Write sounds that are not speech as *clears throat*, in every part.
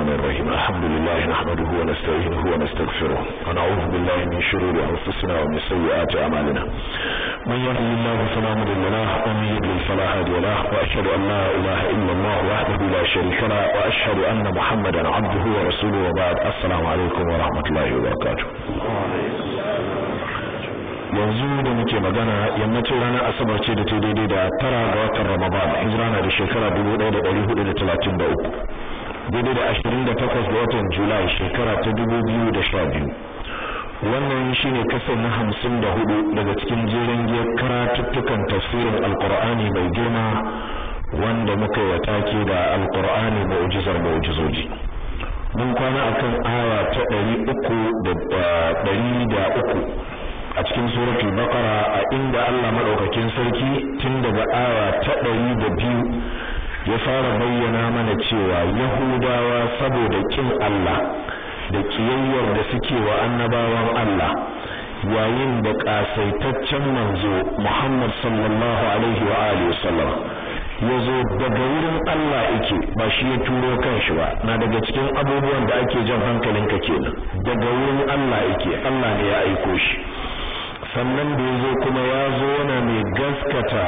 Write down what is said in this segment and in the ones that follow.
الرحمن الرحيم الحمد لله نحمده ونستعينه ونستغفره ونعوذ بالله من شرور أنفسنا ومن سيئات أعمالنا من يهد الله فلا مضل له ومن يضلل فلا هادي له وأشهد أن لا إله إلا الله وحده لا شريك له وأشهد أن محمدا عبده ورسوله وبعد السلام عليكم ورحمة الله وبركاته yanzu da muke magana yammacin ranar asabar ce da ta daidai da tara ga watan ramadan hijira na da shekara 1433 daidai da ashirin da takwas ga watan julai shekara ta dubu biyu da sha biyu wannan shine kasar na hamsin da hudu daga cikin jerin giyar karatuttukan tafsirin alkur'ani mai girma wanda muka yi take da alkur'ani mu'jizar mu'jizoji mun kwana kan aya ta ɗari uku da ɗari da uku a cikin suratul bakara a inda Allah maɗaukakin sarki tun daga aya ta ɗari da biyu ya fara bayyana mana cewa yahudawa saboda kin Allah da kiyayyar da suke wa annabawan Allah yayin da kasaitaccen manzo Muhammad sallallahu alaihi wa alihi wasallam ya zo daga wurin Allah yake ba shi ya turo kanshi ba na daga cikin abubuwan da ake jan hankalinka kenan daga wurin Allah yake Allah ne ya aiko shi sannan da ya zo kuma ya zo yana mai gaskata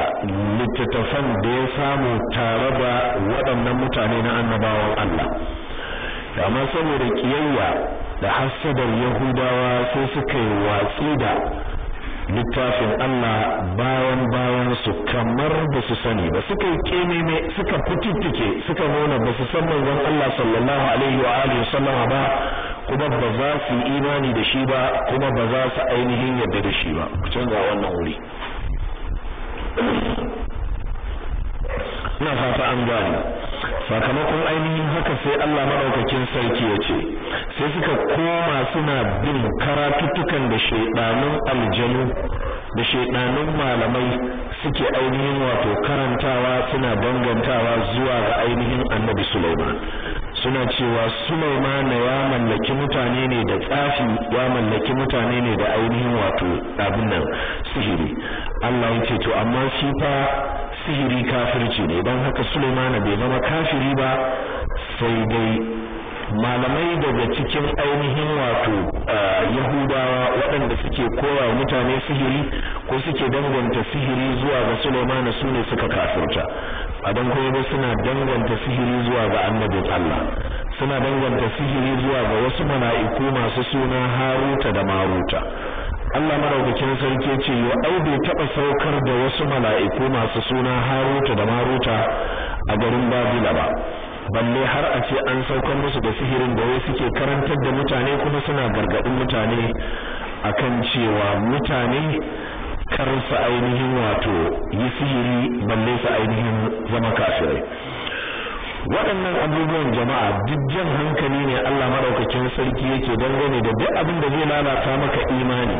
littattafan da ya samu tare da waɗannan mutane na annabawan Allah amma saboda kiyayya da hasadar yahudawa sai suka yi watsi da littafin Allah bayan bayan su kamar ba su sani ba suka yi kememe suka fitittike suka nuna ba su san manzon Allah sallallahu alaihi wa alihi sallama ba kuma ba za su yi imani da shi ba kuma ba za su ainihin yadda da shi ba ku canza wannan wuri ina fata an gane sakamakon ainihin haka sai Allah madaukakin sarki ya ce sai suka koma suna bin karatuttukan da shaidanun aljanu da shaidanun malamai suke ainihin wato karantawa suna dangantawa zuwa ga ainihin annabi Sulaiman suna cewa Sulaiman ya mallaki mutane ne da tsafi ya mallaki mutane ne da ainihin wato abin nan sihiri Allah ya ce to amma shi fa sihiri kafirci ne don haka Sulaimana bai zama kafiri ba sai dai malamai daga cikin ainihin wato yahudawa waɗanda suke kowa mutane sihiri ko suke danganta sihiri zuwa ga Sulaimana su ne suka kafirta a don kuma suna danganta sihiri zuwa ga annabin Allah suna danganta sihiri zuwa ga wasu mala'iku masu suna Haruta da Maruta Allah madaukakin sarki ya ce wa ai bai taba saukar da wasu mala'iku masu suna Haruta da Maruta a garin Babila ba balle har a ce an saukar musu da sihirin da wai suke karantar da mutane kuma suna gargadin mutane akan cewa mutane kar su ainihin wato yi sihiri balle su ainihin zama kafirai waɗannan abubuwan jama'a duk jan hankali ne Allah maɗaukacin sarki yake dangane da duk abin da zai lalata maka imani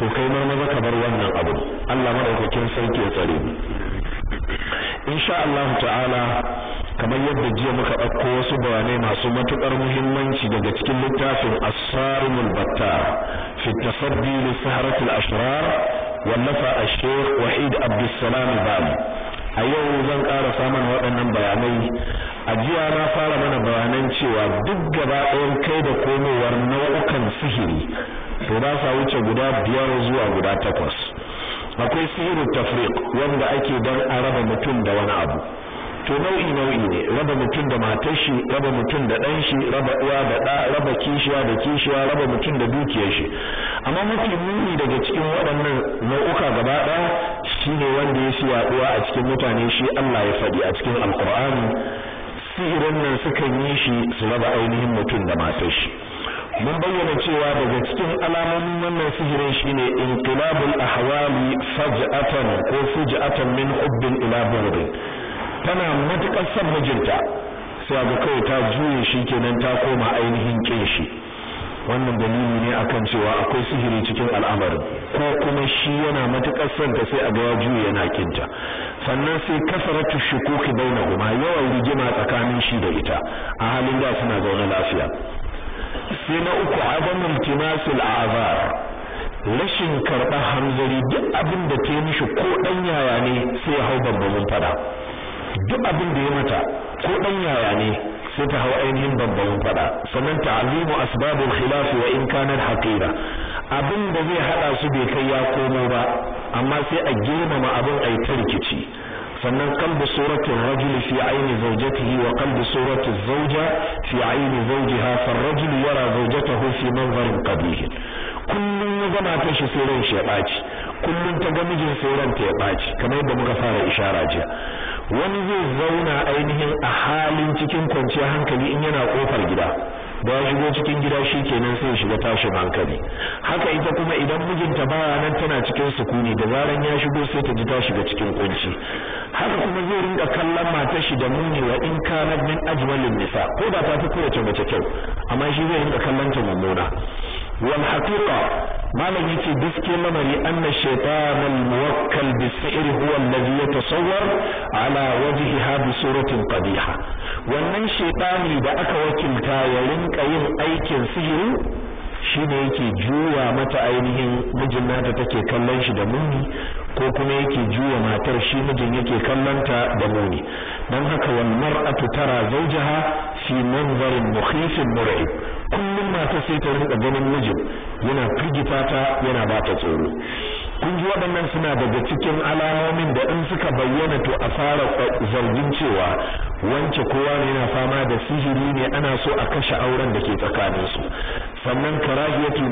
to kai ma ka bar wannan abu Allah maɗaukakin sarki ya tsare mu insha Allah ta'ala kamar yadda jiya muka ɗauko wasu bayanai masu matuƙar muhimmanci daga cikin littafin as batta battar fi tasaddi li saharatil ashrar wallafa ash-shaykh Wahid Abdussalam Bali a yau zan ƙara samun waɗannan bayanai a jiya na fara mana bayanan cewa duk gaba ɗayan kai da komowar nau'ukan sihiri to ba sa wuce guda biyar zuwa guda takwas akwai sihirin tafriq wanda ake don a raba mutum da wani abu to nau'i nau'i ne raba mutum da matar shi raba mutum da ɗan shi raba uwa da ɗa raba kishiya da kishiya raba mutum da dukiyar shi amma mafi muni daga cikin waɗannan nau'uka gaba ɗaya shine wanda ya shi yaɗuwa a cikin mutane shi Allah ya faɗi a cikin alkur'ani sihirin nan sukan yi shi su raba ainihin mutum da matar shi mun bayyana cewa daga cikin alamomin wannan sihirin shine inqilabul ahwali faj'atan ko fuj'atan min hubbin ila tana matukar son mijinta sai ga kawai ta juye shi kenan ta koma ainihin kin wannan dalili ne akan cewa akwai sihiri cikin al'amarin ko kuma shi yana matukar son ta sai a ga ya juye yana kinta sannan sai kasaratu shukuki guma, yawan rigima tsakanin shi da ita a halin da suna zaune lafiya sai na uku azamul timasul azar rashin karɓar hanzari duk abin da ta yi mishi ko ɗan yaya ne sai ya hau babban fada duk abin da ya mata ko dan yaya ne sai ta hau ainihin babban fada sannan ta'azimu asbabul khilaf wa in kanat haqira abin da zai hada su bai kai ya komo ba amma sai a girmama abin ai ta rikici sannan qalbu suratul rajuli fi aini zawjatihi wa qalbu suratul zawja fi aini zawjiha farrajulu yara zawjatahu fi manzarin qabih kullum ya gama ta shi sai ya ɓaci kullum ta ga mijin sai ranta ya ɓaci kamar yadda muka fara ishara jiya wani zai zauna ainihin a halin cikin kwanciyar hankali in yana kofar gida da ya shigo cikin gida shi kenan sai shiga tashin hankali haka ita kuma idan mijinta ba nan tana cikin sukuni da zaran ya shigo sai ta ji ta shiga cikin kunci haka kuma zai rinka kallon matar shi da muni wa in kana min ajmalin nisa ko da ta fi kowace mace kyau amma shi zai rinka kallon ta mummuna wal haqiqa malam yace gaskiyar lamari anna shaytan al muwakkal bis si'r huwa alladhi yatasawwar ala wajhiha bi suratin qabiha wannan shaytani da aka wakilta ya rinka yin aikin sihiri shine yake juwa mata ainihin mijin nata take kallon shi da muni ko kuma yake juwa matar shi mijin yake kallonta da muni don haka wal mar'atu tara zawjaha fi mu mukhifin mur'ib kullum mata sai ta rinka ganin mijin yana firgita ta yana ba ta tsoro kun ji waɗannan suna daga cikin alamomin da in suka bayyana to a fara zargin cewa wance kowa ne yana fama da sihiri ne ana so a kashe auren da ke tsakanin su sannan karahiyatul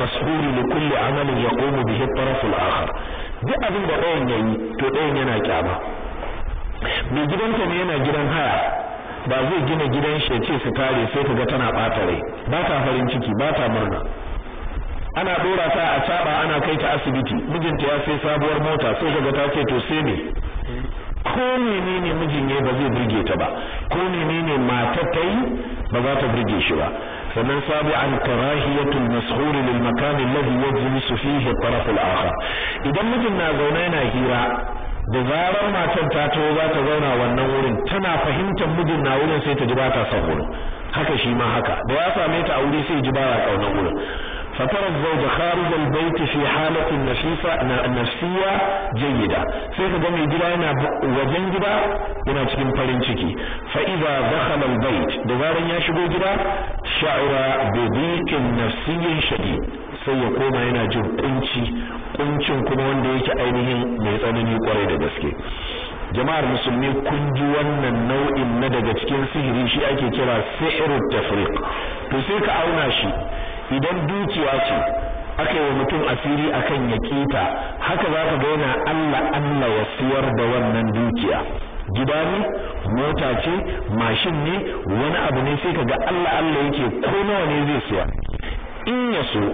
mashhuri li kulli amalin yaqumu bihi at-taraf al-akhar duk abin da ɗayan yayi to ɗayan yana kyama mai gidanta ne yana gidan haya ba zai gina gidan shi ya ce su kare sai ka ga tana bata rai ba ta farin ciki ba ta murna ana dora ta a caba ana kai ta asibiti mijinta ya sai sabuwar mota sai ga ta ce to sai ne ko menene mijin ya ba zai burge ta ba ko menene matar ta yi ba za ta burge shi ba sannan an karahiyatul mashhur lil makan alladhi yajlisu fihi taraf al-akhar idan mijin na zauna yana hira da zarar matar ta taho za ta zauna wannan wurin tana fahimtar mijin na wurin sai ta ji ba ta son wurin haka shi ma haka da ya same ta a wuri sai ji ba ya kaunar wurin فترى الزوج خارج البيت في حالة نفيسة نفسية جيدة سيكا جمع جدا هنا وجن جدا هنا تكين فرنشكي فإذا دخل البيت دوارا يشبه جدا شعر بضيق نفسي شديد sai ya koma yana jin kunci kuncin kuma wanda yake ainihin mai tsanani kwarai da gaske jama'ar musulmi kun ji wannan nau'in na daga cikin sihiri shi ake kira sihirut tafriq to sai ka auna shi idan dukiya ce aka yi wa mutum asiri akan ya kita haka za ka gaina Allah Allah ya siyar da wannan dukiya gida ne mota ce mashin ne wani abu ne sai ka ga Allah Allah yake ko nawa ne zai siya in ya so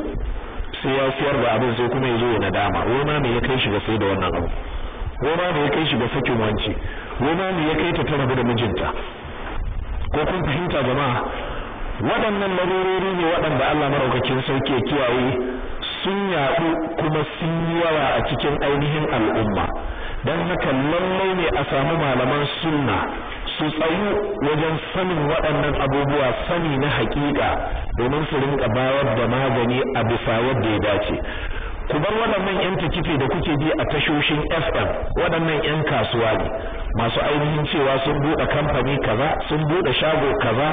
sai ya siyar da abin sai kuma ya zo ya nadama wai me ya kai shi ga sai da wannan abu wai me ya kai shi ga sakin wanci wai me ya kai ta tana da mijinta ko kun fahimta jama'a waɗannan larurori ne waɗanda Allah maraukakin sauke kiyaye sun yaɗu kuma sun yi yawa a cikin ainihin al'umma don haka lallai ne a samu malaman sunna su tsayu wajen sanin waɗannan abubuwa sani na haƙiƙa domin su rinka bayar da magani a bisa yadda ya dace ku bar waɗannan yan tikiti da kuke bi a tashoshin FM waɗannan yan kasuwa ne masu ainihin cewa sun buɗe kamfani kaza sun buɗe shago kaza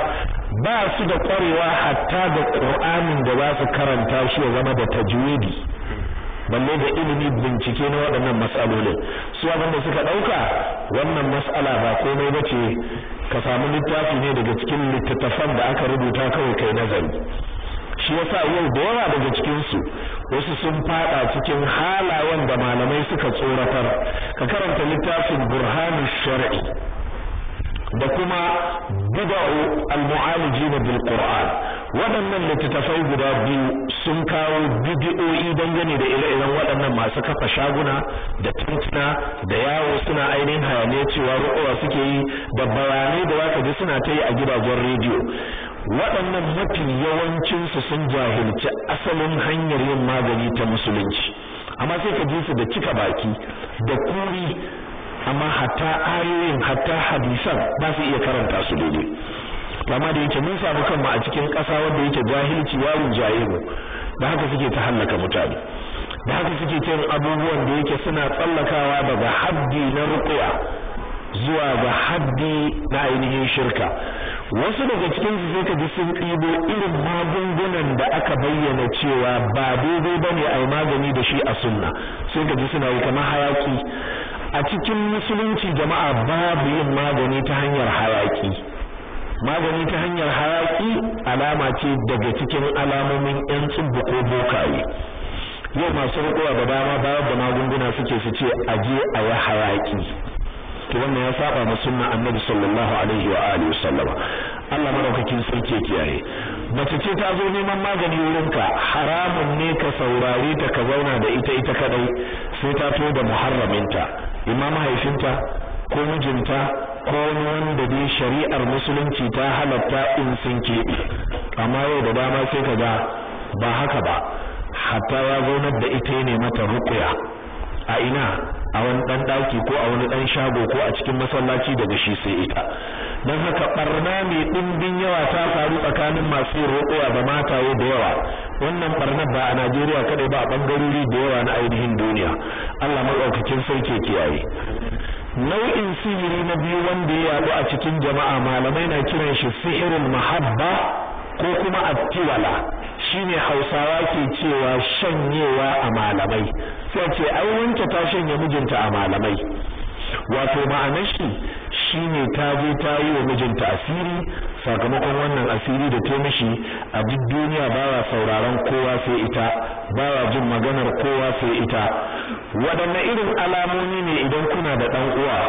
ba su da ƙwarewa hatta da ƙur'anin da za su karanta shi ya zama da tajwidi balle da ilimi bincike na waɗannan matsalolin su da suka ɗauka wannan matsala ba komai ba ce ka samu littafi ne daga cikin littattafan da aka rubuta kawai kai nazari shi yasa yau da yawa daga cikinsu wasu sun fada cikin halayen da malamai suka tsoratar ka karanta littafin burhanu shar'i da kuma bid'u al-mu'alijin bil qur'an waɗannan littattafai guda biyu sun kawo bidiyoyi dangane da ire-iren waɗannan masu kafa shaguna da tuntuna da yawo suna ainihin hayane cewa ru'uwa suke yi da bayanai da zaka ji suna ta yi a gidajen rediyo waɗannan mafi yawancinsu sun jahilci asalin hanyar yin magani ta musulunci amma sai ka ji da cika baki da kuri amma hatta ayoyin hatta hadisan ba su iya karanta su daidai amma da yake mun samu kanmu a cikin ƙasa wanda yake jahilci yawon rinjaye da haka suke ta hallaka mutane da haka suke ta abubuwan da yake suna tsallakawa daga haddi na rukuya zuwa ga haddi na ainihin shirka wasu daga cikin su sai ka ji sun ɗibo irin magungunan da aka bayyana cewa ba daidai ba ne a yi magani da shi a sunna sai ka ji suna yi kamar hayaki a cikin musulunci jama'a babu yin magani ta hanyar hayaki magani ta hanyar hayaki alama ce daga cikin alamomin yan buko ko bokaye yau masu rikowa da dama bayar da magunguna suke su ce aje a yi hayaki to wannan ya saba ma sunna annabi sallallahu alaihi wa alihi wasallam Allah madaukakin sarki kiyaye mace ce ta zo neman magani wurinka haramun ne ka saurare ta ka zauna da ita ita kadai sai ta to da muharraminta imam mahaifinta ko mijinta ko wani wanda dai shari'ar musulunci ta halatta in sun keɓe amma yau da dama sai ka ga ba haka ba hatta ya zaunar da ita ne mata rukuya a ina a wani ɗan ɗaki ko a wani ɗan shago ko a cikin masallaci daga shi sai ita dan haka ɓarna mai ɗimbin yawa ta faru tsakanin masu yin da mata yau da yawa wannan ɓarnar ba a najeriya kaɗai ba a bangarori da yawa na ainihin duniya allah maɗaukakin sarki kiyaye nau'in sihiri na biyu wanda ya yaɗu a cikin jama'a malamai na kiran shi sihirin mahabba ko kuma attiwala shine hausawa ke cewa shanyewa a malamai sai ce ai wanke ta shanye mijinta a malamai wato ma'anar shi shine ta zo ta yi wa mijinta asiri sakamakon wannan asiri da ta mishi a duk duniya bawa sauraron kowa sai ita bawa jin maganar kowa sai ita waɗanne irin alamomi ne idan kuna da ɗan uwa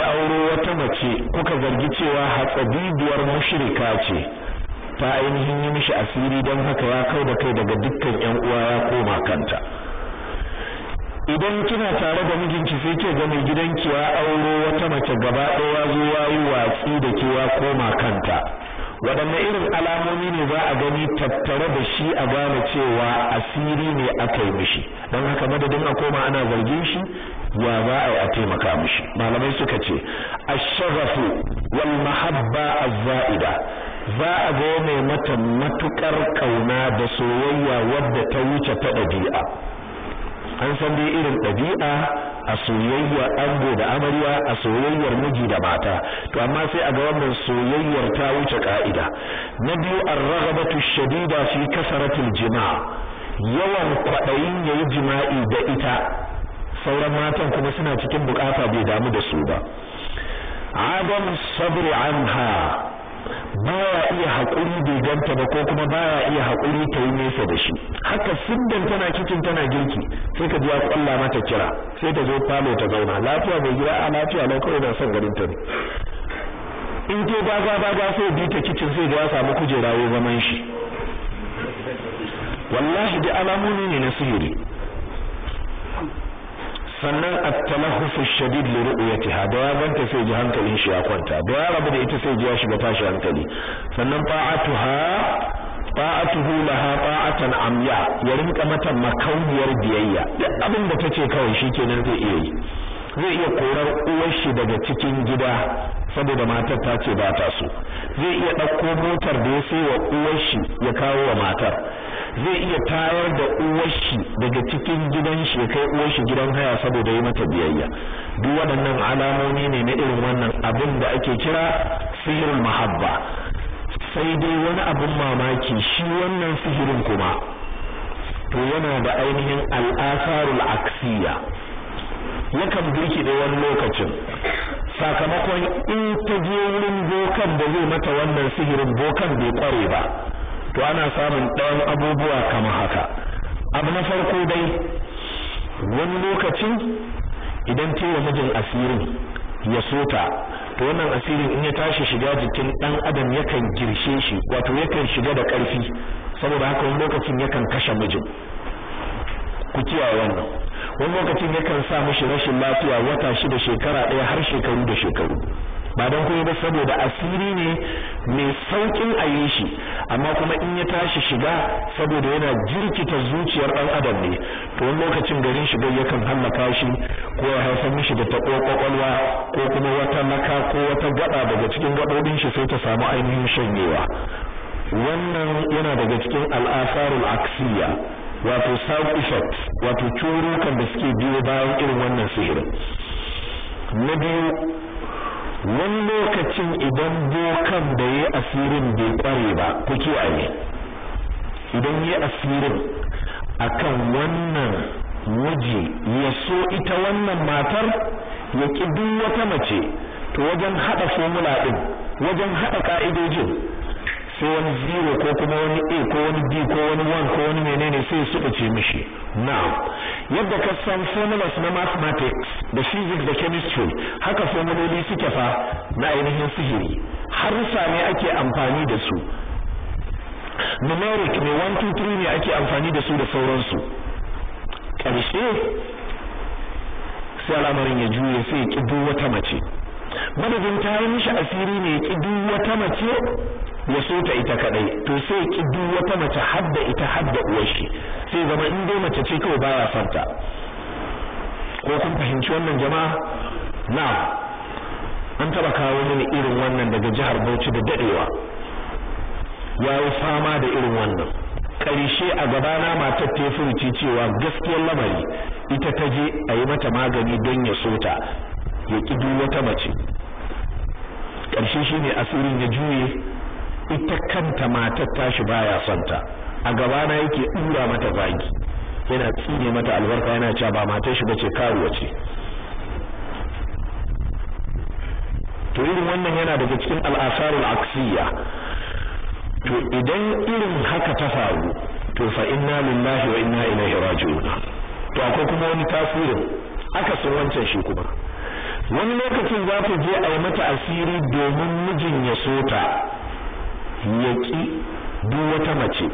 ya auro wata mace kuka zargi cewa hatsabibiyar mushrika ce ta ainihin yi mishi asiri don haka ya kau da kai daga dukkan yan uwa ya koma kanta idan kina tare da mijinki sai ke ga mai gidanki ya auro wata mace gaba ɗaya zo ya yi watsi da ke ya koma kanta waɗanne irin alamomi ne za a gani tattare da shi a gane cewa asiri ne aka yi mishi don haka madadin a koma ana zargin shi ya za a yi a taimaka mishi malamai suka ce Shagafu, wal mahabba azza'ida za a ga mai mata matukar kauna da soyayya wadda ta wuce ta ɗabi'a an san dai irin ɗabi'a a soyayyar ango da amarya a soyayyar miji da mata to amma sai a ga wannan soyayyar ta wuce ka'ida na biyu ar-raghabatu shadida fi kasaratil jima' yawan kwaɗayin yayi jima'i da ita sauran matan kuma suna cikin bukata bai damu da su ba adam sabri anha Ba ya iya haƙuri bai ganta ba ko kuma ba ya iya haƙuri ta yi nesa da shi haka sindan tana kicin tana girki sai ka ji ya kwalla mata kira sai ta zo falo ta zauna lafiya bai gida a lafiya na kawai na son garin ta ne in ke gaga gaga sai bi ta kicin sai da ya samu kujera ya zaman shi wallahi da alamuni ne na sihiri sannan a talahhus shadid li ru'yatiha da ya banta sai ji hankalin shi ya kwanta da ya rabu da ita sai ji ya shiga tashi hankali sannan ta'atuha ta'atuhu laha fa'atan amya ya rinka mata makauniyar biyayya duk abin da kawai kawai kenan zai iya yi zai iya korar uwar shi daga cikin gida saboda matar ta ce ba ta so zai iya ɗauko motar da ya sai wa uwar shi ya kawo wa matar zai iya tayar da uwar shi daga cikin gidan shi ya kai uwar shi gidan haya saboda yi mata biyayya duk waɗannan alamomi ne na irin wannan abin da ake kira sihirin mahabba sai dai wani abin mamaki shi wannan sihirin kuma to yana da ainihin al'asarul aksiya yakan birki da wani lokacin sakamakon in ta je wurin bokan da zai mata wannan sihirin bokan bai kware ba to ana samun ɗan abubuwa kamar haka abu na farko dai wani lokacin idan ta yi wa mijin asirin ya sota to wannan asirin in ya tashi shiga jikin ɗan adam yakan girshe shi wato yakan shiga da ƙarfi saboda haka wani lokacin yakan kashe mijin ku kiyaye wannan wani lokacin kan sa mishi rashin lafiya wata shi da shekara ɗaya har shekaru da shekaru ba don kuma ba saboda asiri ne mai saukin a yi shi amma kuma in ya tashi shiga saboda yana jirkita zuciyar ɗan adam ne to wani lokacin garin shiga yakan hallaka shi ko ya haifar mishi da taɓo ƙwaƙwalwa ko kuma wata maka ko wata gaɗa daga cikin gaɓoɓin shi sai ta samu ainihin shanyewa wannan yana daga cikin al'asarul aksiya wato side effect wato curukan da suke biyo bayan irin wannan sihirin na biyu wani lokacin idan bokan da ya yi asirin bai kware ba ku kiyaye idan ya yi asirin akan wannan waje ya so ita wannan matar ya ki duk wata mace to wajen haɗa formula ɗin wajen haɗa ƙa'idojin. sai wani zero ko kuma wani a ko wani b ko wani one ko wani menene sai su ce mishi now yadda ka san formulas na mathematics da physics da chemistry haka formulas suke fa na ainihin sihiri har sami ake amfani da su numeric ne 1 2 3 ne ake amfani da su da sauransu karshe sai al'amarin ya juye sai ya ƙi duk wata mace madadin ta yi mishi asiri ne ya ƙi duk wata mace ya so ta ita kadai to sai ki duk wata mace hadda ita hadda uwar shi sai zama in dai mace ce kawai baya farta ko kun fahimci wannan jama'a na an taba kawo mini irin wannan daga jihar Bauchi da dadewa yi fama da irin wannan karshe a gabana matar ta furuci cewa gaskiyar lamari ita ta je a yi mata magani don ya ta ya ki duk wata mace karshe shine asirin ya juye ita kanta matar tashi baya son ta a gabana yake dura mata zagi yana tsine mata albarka yana cewa ba matar shi bace karuwa ce to irin wannan yana daga cikin al'asarul aksiya to idan irin haka ta faru to fa inna lillahi wa inna ilaihi raji'un to akwai kuma wani tasirin aka sun wancan shi kuma wani lokacin za ta je a yi mata asiri domin mijin ya so ta ya duk wata mace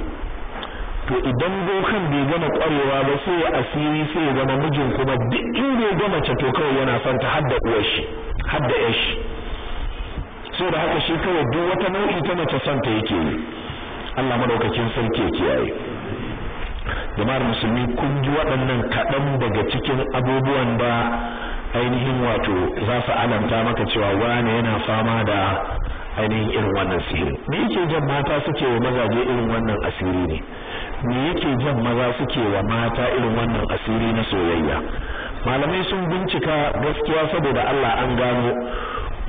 to idan dokan bai gama ƙwarewa ba sai asiri sai ya zama mijin kuma duk inda ya gama mace to kawai yana son ta hadda uwar shi hadda yar shi da haka shi kawai duk wata nau'i ta mace son ta yake yi Allah madaukakin sarki ya kiyaye jama'ar musulmi kun ji waɗannan kaɗan daga cikin abubuwan da ainihin wato za su alamta maka cewa wane yana fama da ainihin irin wannan sihiri me yake jan mata suke wa mazaje irin wannan asiri ne me yake jan maza suke wa mata irin wannan asiri na soyayya malamai sun bincika gaskiya saboda Allah an gano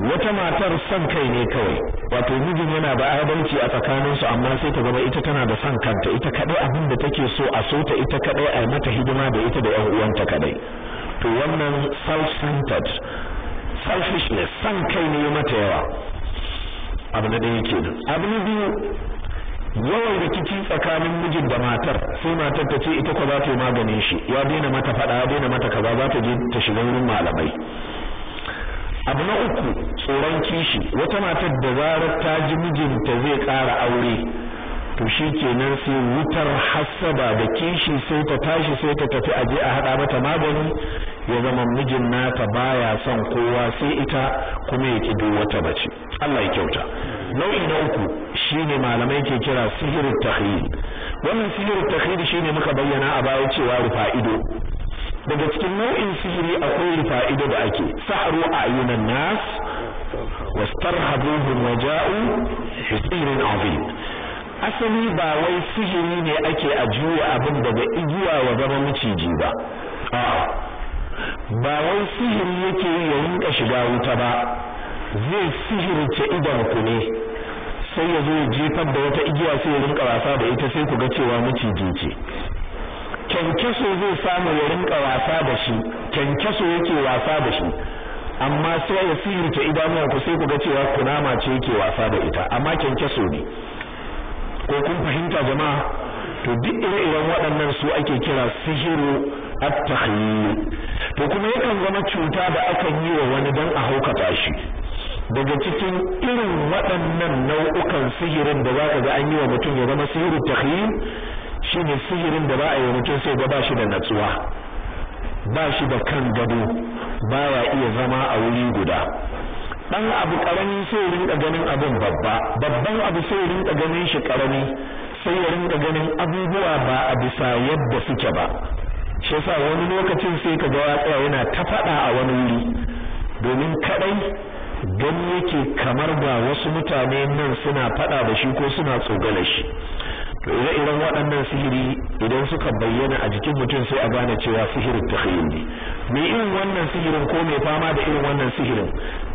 wata matar son kai ne kawai wato mijin yana da adalci a tsakaninsu amma sai ta zama ita tana da son kanta ita kadai abin da take so a so ta ita kadai a mata hidima da ita da ƴan uwanta kadai to wannan self-centered selfishness son kai ne mata yawa abu na ɗaya kenan abu na biyu yawan rikici tsakanin mijin da matar sai matar ta ce ita ko za ta yi maganin shi ya daina mata faɗa ya daina mata kaza za ta je ta shiga wurin malamai abu na uku tsoron kishi wata matar da zarar ta ji mijinta zai ƙara aure to shi kenan sai wutar hassaba da kishi sai ta tashi sai ta tafi aje a haɗa mata magani ya zama mijin nata baya son kowa sai ita kuma ya duk wata mace Allah ya kyauta nau'i na uku shine malamai ke kira sihirin takhyil wannan sihirin takhyil shine muka bayyana a baya cewa rufa ido daga cikin nau'in sihiri akwai rufa ido da ake sahru ayunan nas wastarhabuhum waja'u hisirin azim asali ba wai sihiri ne ake a juya abin daga igiya wa zama miciji ba a'a ba wai sihiri yake ya rinka shiga wuta ba zai sihirce idan ku ne sai ya zo ya jefar da wata igiya sai ya rinka wasa da ita sai ku ga cewa maciji ce kyankyaso zai samu ya rinka wasa da shi kyankyaso yake wasa da shi amma sai ya sihirce idanuwan ku sai ku ga cewa kunama ce yake wasa da ita amma kyankyaso ne ko kun fahimta jama'a to duk ire-iren waɗannan su ake kira sihiru at to kuma yakan zama cuta da akan yi wa wani dan a haukata shi daga cikin irin waɗannan nau'ukan sihirin da za zaka ga an yi wa mutum ya zama sihirin shi shine sihirin da ba a yi mutum sai ga ba shi da natsuwa ba shi da kan gado ba baya iya zama a wuri guda Ɗan abu karami sai rinka ganin abin babba babban abu sai rinka ganin shi ƙarami, sai ya rinka ganin abubuwa ba a bisa yadda suke ba shi yasa wani lokacin sai ka ga tsaya yana ta faɗa a wani wuri domin kaɗai gani yake kamar ba wasu mutane nan suna faɗa da shi ko suna tsogala shi to ire-iren waɗannan sihiri idan suka bayyana a jikin mutum sai a gane cewa sihirin takhayyul ne mai irin wannan sihirin ko mai fama da irin wannan sihirin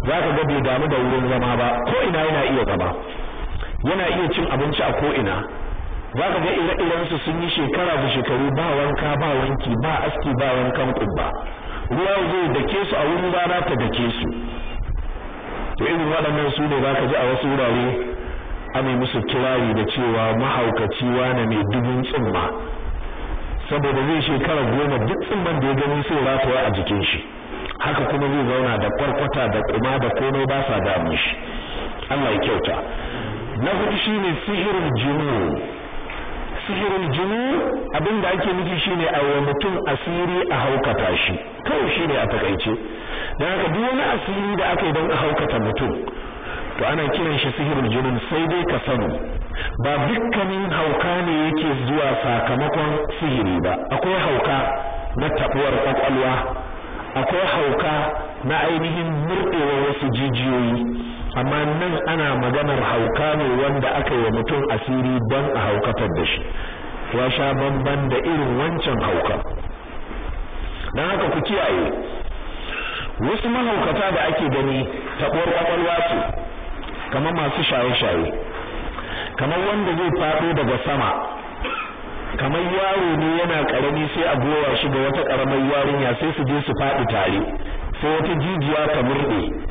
zaka ga bai damu da wurin zama ba ko ina yana iya zama yana iya cin abinci a ko ina za ka ga ire-iren su sun yi shekara da shekaru ba wanka ba wanki ba aski ba wankan kubba ruwa zai dake su a wurin rana ta dake su to irin waɗannan su ne za ka ji a wasu wurare ana musu kirari da cewa mahaukaci wane mai dubin tsumma saboda zai shekara goma duk tsumman da ya gani sai ratuwa a jikin shi haka kuma zai zauna da kwarkwata da kuma da komai ba sa damu shi Allah ya kyauta na hudu shine sihirin junun Sihirin jini abin da ake nufi shine a wa mutum asiri a haukata shi kawai shine a takaice dan haka duk wani asiri da aka yi don a haukata mutum to ana kiran shi sihirin jini sai dai ka sani ba dukkanin hauka ne yake zuwa sakamakon sihiri ba akwai hauka na tabuwar kwakwalwa akwai hauka na ainihin murɗewar wasu jijiyoyi amma nan ana maganar hauka ne wanda aka yi mutum asiri don a haukatar da shi ya sha bamban da irin wancan hauka don haka ku kiyaye wasu mahaukata da ake gani taɓuwar ƙwaƙwalwa ce kama masu shaye-shaye kamar wanda zai faɗo daga sama kamar yaro ne yana ƙarami sai a gowa shi ga wata ƙaramar yarinya sai su je su faɗi tare sai wata jijiya ka murɗe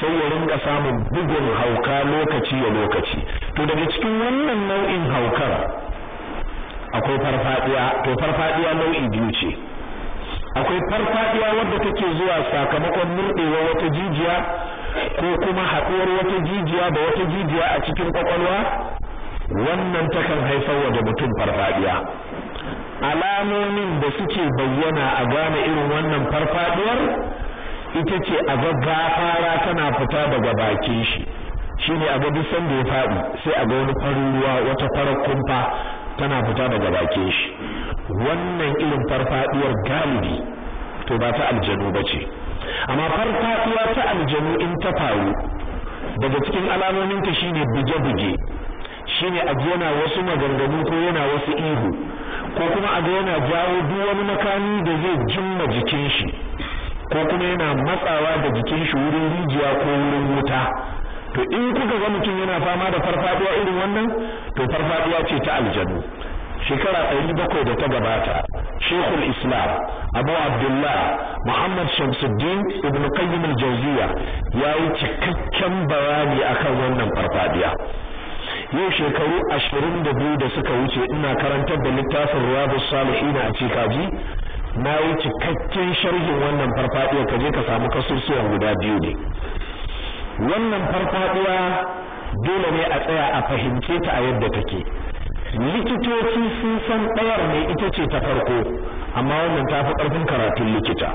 sai ya rinka samun bugun hauka lokaci ya lokaci to daga cikin wannan nau'in haukar akwai farfadiya to farfadiya nau'i biyu ce akwai farfadiya wadda take zuwa sakamakon murdewa wata jijiya ko kuma haɗuwar wata jijiya da wata jijiya a cikin kwakwalwa wannan takan haifar wa da mutum farfadiya alamomin da suke bayyana a gane irin wannan farfadiyar ita ce a ga gafara tana fita daga bakin shi shi ne a ga duk sanda ya faɗi sai a ga wani farin ruwa wata farar kumfa tana fita daga bakin shi wannan irin farfaɗiyar galibi to ba ta aljanu ba ce amma farfadiya ta aljanu in ta faru daga cikin alamominta shi ne buge-buge shi ne a yana wasu maganganu ko yana wasu ihu ko kuma a ga yana jawo duk wani makami da zai jimma jikin shi ko kuma yana matsawa da jikin shi wurin rijiya ko wurin wuta to in kuka ga mutum yana fama da farfadiya irin wannan to farfaɗiya ce ta aljanu shekara ɗari bakwai da ta gabata shekul islam abu abdullah muhammad shamsuddin ibn qayyim al-jawziya ya yi cikakken bayani akan wannan farfaɗiya yau shekaru ashirin da biyu da suka wuce ina karantar da littafin riyadu salihin a cikaji na yi cikakken sharhin wannan farfaɗiya ka je ka samu kasusuwan guda biyu ne wannan farfaɗiya dole ne a tsaya a fahimce ta a yadda take likitoci sun san ɗayar ne ita ce ta farko amma wannan ta fi ƙarfin karatun likita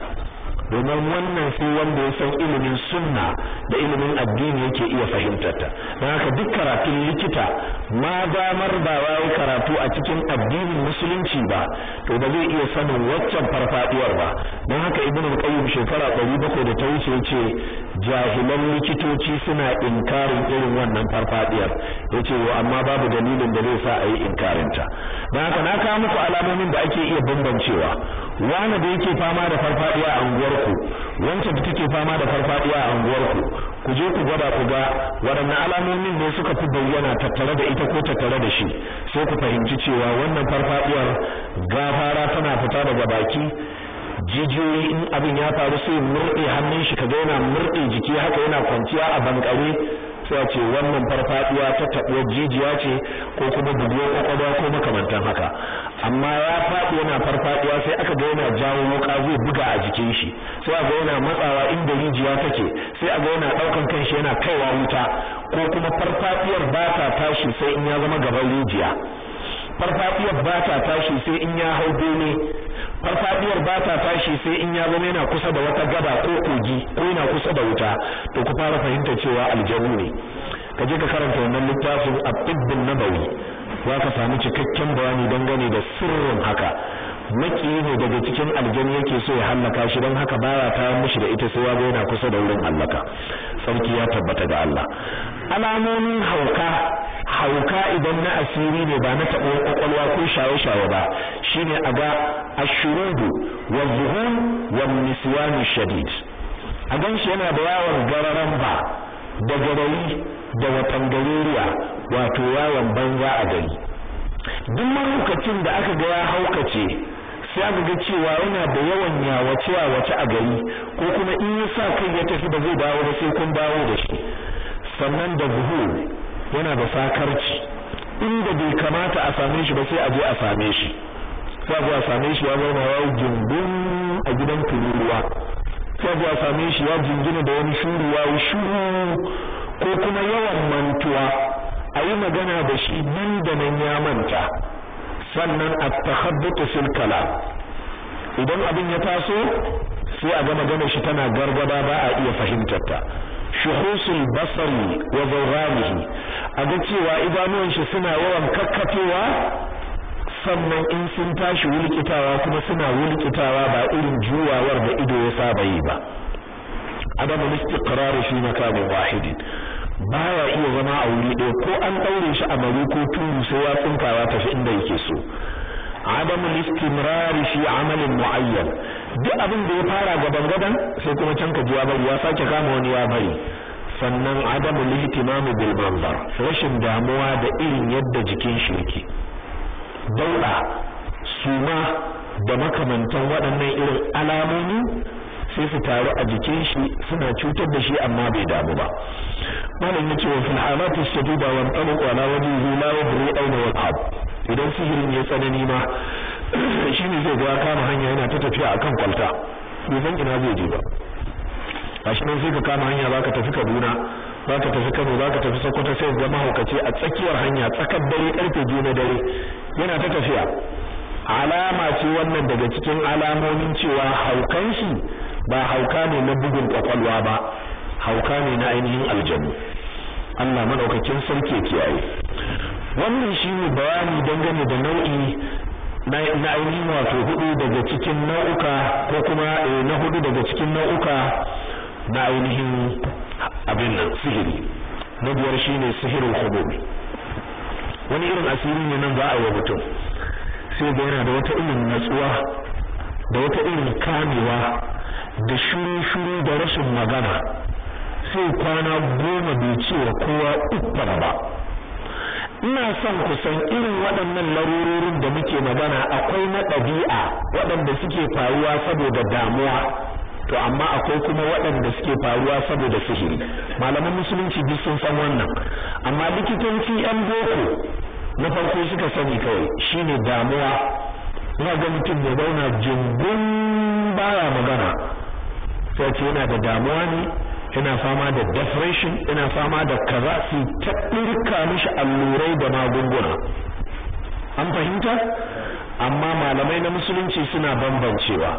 domin wannan sai wanda ya san ilimin sunna da ilimin addini yake iya fahimtar ta don haka duk karatun likita ma damar ba wai karatu a cikin addinin musulunci ba to ba zai iya sanin waccan farfaduwar ba don haka ibnu qayyim shekara 700 da ta wuce yace jahilan likitoci suna inkarin irin wannan farfadiyar yace wa amma babu dalilin da zai sa a yi inkarinta ta haka na kawo muku alamomin da ake iya bambancewa wani da yake fama da farfadiya a unguwarku wancan da take fama da farfadiya a unguwarku ku je ku gwada ku ga waɗannan alamomin ne suka fi bayyana tattare da ita ko tattare da shi sai ku fahimci cewa wannan farfadiyar gafara tana fita daga baki jijiyoyi in abin ya faru sai murɗe hannun shi kaga yana murɗe jiki haka yana kwanciya a bankare sai a ce wannan farfaduwa ta taɓo jijiya ce ko kuma buguwar kwakwalwa ko makamantan haka amma ya faɗi yana farfaduwa sai aka ga yana jawo wuka zai buga a jikin shi sai a ga yana matsawa inda rijiya take sai a ga yana ɗaukan kanshi yana kaiwa wuta ko kuma farfaɗiyar ba ta tashi sai in ya zama gaban rijiya farfadiyar ba ta tashi sai in ya hau bene farfadiyar ba ta tashi sai in ya zama yana kusa da wata gaba ko kogi ko yana kusa da wuta to ku fara fahimta cewa aljabu ne ka je ka karanta wannan littafin at-tibb an-nabawi za ka samu cikakken bayani dangane da sirrin haka makiyi ne daga cikin aljan yake so ya hallaka shi don haka baya kawo mishi da ita sai ya yana kusa da wurin hallaka sarki ya tabbata ga Allah alamomin hauka hauka idan na asiri ne ba na taɓo kwakwalwa ko shaye-shaye ba shine aga ga ashurudu wa zuhun wa niswani shadid a ganshi yana da yawon gararan ba da garayi da watan galeriya wato yawon banza a gari duk lokacin da aka ga ya haukace Ya ga cewa yana da yawan yawace yawace a gari ko kuma in ya sa kai ya tafi ba zai dawo ba sai kun dawo da shi sannan da buhu yana da sakarci inda bai kamata a same shi ba sai a je a same shi sai a same shi ya zama ya gindin a gidan tururuwa sai a same shi ya jingina da wani shuru ya shuru ko kuma yawan mantuwa a yi magana da shi nan da nan ya manta sannan at-takhabbut fil kalam idan abin ya taso sai a ga maganar shi tana gargada ba a iya fahimtar ta shuhusul basari wa zawghanihi a ga cewa idanuwan shi suna yawan kakkafewa sannan in sun tashi wulkitawa kuma suna wulkitawa ba irin juwawar da ido ya saba yi ba adam al-istiqrar fi makamin wahidin baya iya zama a wuri ɗaya ko an ɗaure shi a bari ko turu sai ya tsinka ya tafi inda yake so Adamu, al fi amalin muayyan duk abin da ya fara gaban gaban sai kuma can ka ya bari ya sake kama wani ya bari sannan Adamu, al-ihtimam bil manzar rashin damuwa da irin yadda jikin shi yake dauda suma da makamantan waɗannan irin alamomi sai su taru a jikin shi suna cutar da shi amma bai damu ba malam yace wa fil halati shadida wa talaq ala wajhihi la yadri ayna yadhhab idan sihirin ya tsanani ma *clears throat* ne zai ga kama hanya yana ta tafiya akan kwalta bai san ina zai je ba gashi sai ka kama hanya zaka tafi Kaduna zaka tafi Kano zaka tafi Sokoto sai ga mahaukaci a tsakiyar hanya tsakar dare karfe 2 na dare yana ta tafiya alama ce wannan daga cikin alamomin cewa haukan shi ba hauka ne na bugun kwakwalwa ba hauka ne na ainihin aljanu Allah madaukakin sarki kiyaye wannan shi ne bayani dangane da nau'i na ainihin wato hudu daga cikin nau'uka ko kuma eh, na hudu daga cikin nau'uka na ainihin abin nan sihiri na biyar ne sihirin hubub wani irin asiri ne nan za a yi mutum sai da yana da wata irin natsuwa da wata irin kamewa da shuru-shuru da rashin magana sai kwana goma bai cewa kowa uffar ba ina son kusan irin waɗannan larurorin da muke magana akwai na ɗabi'a waɗanda suke faruwa saboda damuwa to amma akwai kuma waɗanda suke faruwa saboda sihiri malaman musulunci duk sun san wannan amma likitanci yan boko na farko suka sani kawai shine damuwa ina ga mutum ya zauna jingun baya magana sai ce yana da damuwa ne yana fama da depression yana fama da kaza su ta ɗirka mishi allurai da magunguna an fahimta amma malamai na musulunci suna bambancewa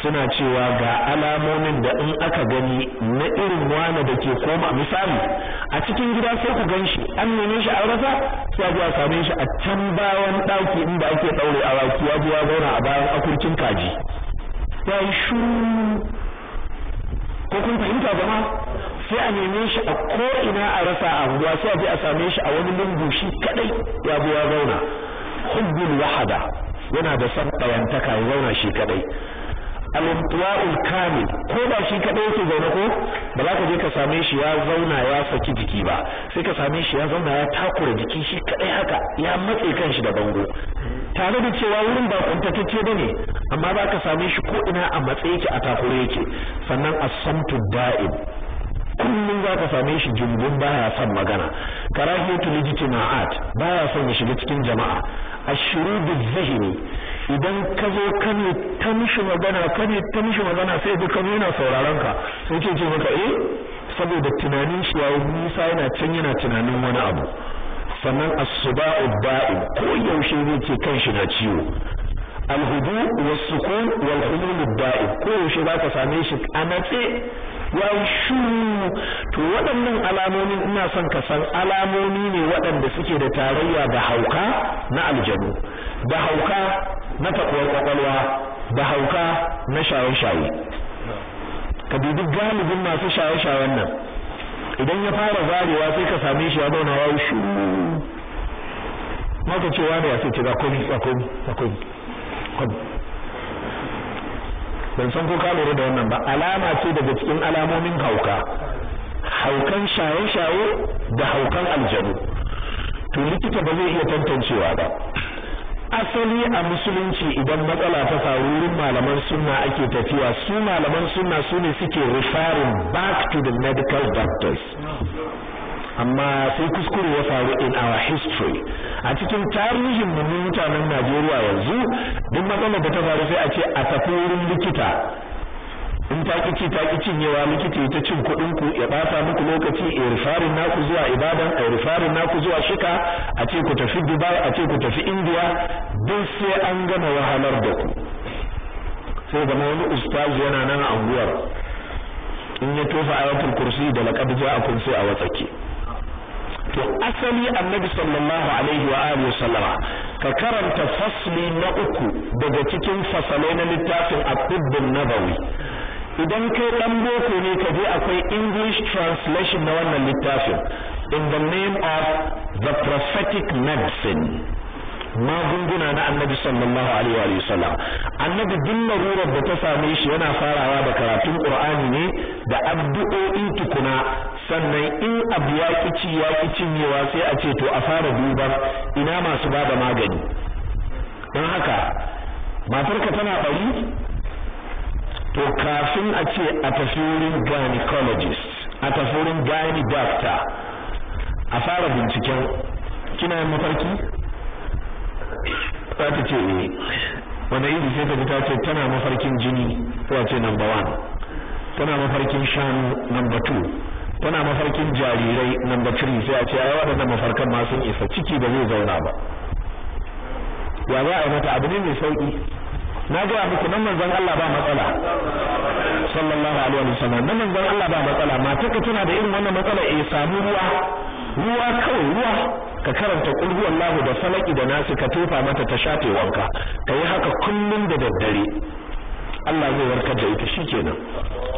suna cewa ga alamomin da in aka gani na irin wani da ke koma misali a cikin gida sai ku gan shi an neme shi a rasa sai zuwa same shi a can bayan ɗaki inda ake ɗaure a waki ya zauna a bayan akurkin kaji ya yi shuru ko kun fahimta zama sai a neme shi a ko ina a rasa a ruwa sai a je a same shi a wani lungu shi kadai ya bi ya zauna hubbul wahada yana da son ɗayantaka ya zauna shi kadai al-intiwa'ul kamil ko ba shi kadai yake zaune ko ba za ka je ka same shi ya zauna ya saki jiki ba sai ka same shi ya zauna ya takura jiki shi kadai haka ya matse kanshi da bango tare da cewa wurin ba kuntatacce bane amma za ka same shi ko ina a matse yake a takure yake sannan as-samtu da'im kullum za ka same shi jumbun baya son magana karahiyatu lijtima'at baya son ya shiga cikin jama'a ashuru zahiri. idan ka zo ka ne ta mishi magana ka ne ta mishi magana sai duk ka yana sauraron ka sai ke ce maka eh saboda tunanin shi yayi nisa yana can yana tunanin wani abu sannan as-suba'u ko yaushe zai ce shi na ciwo al-hudu was-sukun wal ko yaushe ka same shi a natse ya shu to waɗannan alamomi ina son ka san alamomi ne waɗanda suke da tarayya da hauka na aljanu da hauka na takuwar kwakwalwa da hauka na shaye-shaye ka dubi galibin masu shaye-shayen nan idan ya fara zarewa sai ka same shi ya zauna ya shi maka cewa da ya sai ce ga komi ga komi ban san ko ka lura da wannan ba alama ce daga cikin alamomin hauka haukan shaye-shaye da haukan aljanu to likita ba zai iya tantancewa ba asali a musulunci idan matsala ta faru wurin malaman sunna ake tafiya su malaman sunna su ne suke referring back to the medical doctors amma sai kuskure ya faru in our history a cikin tarihin mu mutanen Najeriya yanzu duk matsalar da ta faru sai a ce a tafi wurin likita in ta ki ci ta ki wa likita ta cin kuɗin ku ya ɓata muku lokaci a rifarin naku zuwa ibadan a rifarin naku zuwa shika a ce ku tafi dubai a ce ku tafi india duk sai an gama wahalar da ku sai zama wani ustazi yana nan a guwar in ya tofa ayatul kursi da laqad kun sai a watsake to asali annabi sallallahu alaihi wa alihi wasallama ka karanta fasli na uku daga cikin fasalai na littafin at-tibb an-nabawi idan kai dan boko ne ka je akwai English translation na wannan littafin in the name of the prophetic medicine magunguna na annabi sallallahu alaihi wa sallam annabi duk larurar da ta same shi yana farawa da karatun qur'ani ne da addu'o'i tukuna sannan in abu ya kici ya cinyewa sai a ce to a fara duba, ina masu bada magani don haka matarka tana bari to kafin a ce a tafi wurin gynecologist a tafi wurin gyne doctor a fara binciken kina yin mafarki ta ta ce ne eh. wanda iri sai ta ta ce tana mafarkin jini ko ce number one tana mafarkin shanu number two tana mafarkin jarirai number three sai a ce a waɗannan mafarkan ma sun isa ciki ba zai zauna ba ya za a yi mata abu ne mai sauƙi na ga muku nan manzon Allah ba matsala sallallahu alaihi wasallam nan manzon Allah ba matsala mata ka tana da irin wannan matsala eh samu ruwa ruwa kawai ruwa ka karanta qul huwallahu da salaki da nasu ka tofa mata ta shafe wanka kai haka kullun da daddare Allah zai warkar da ita shikenan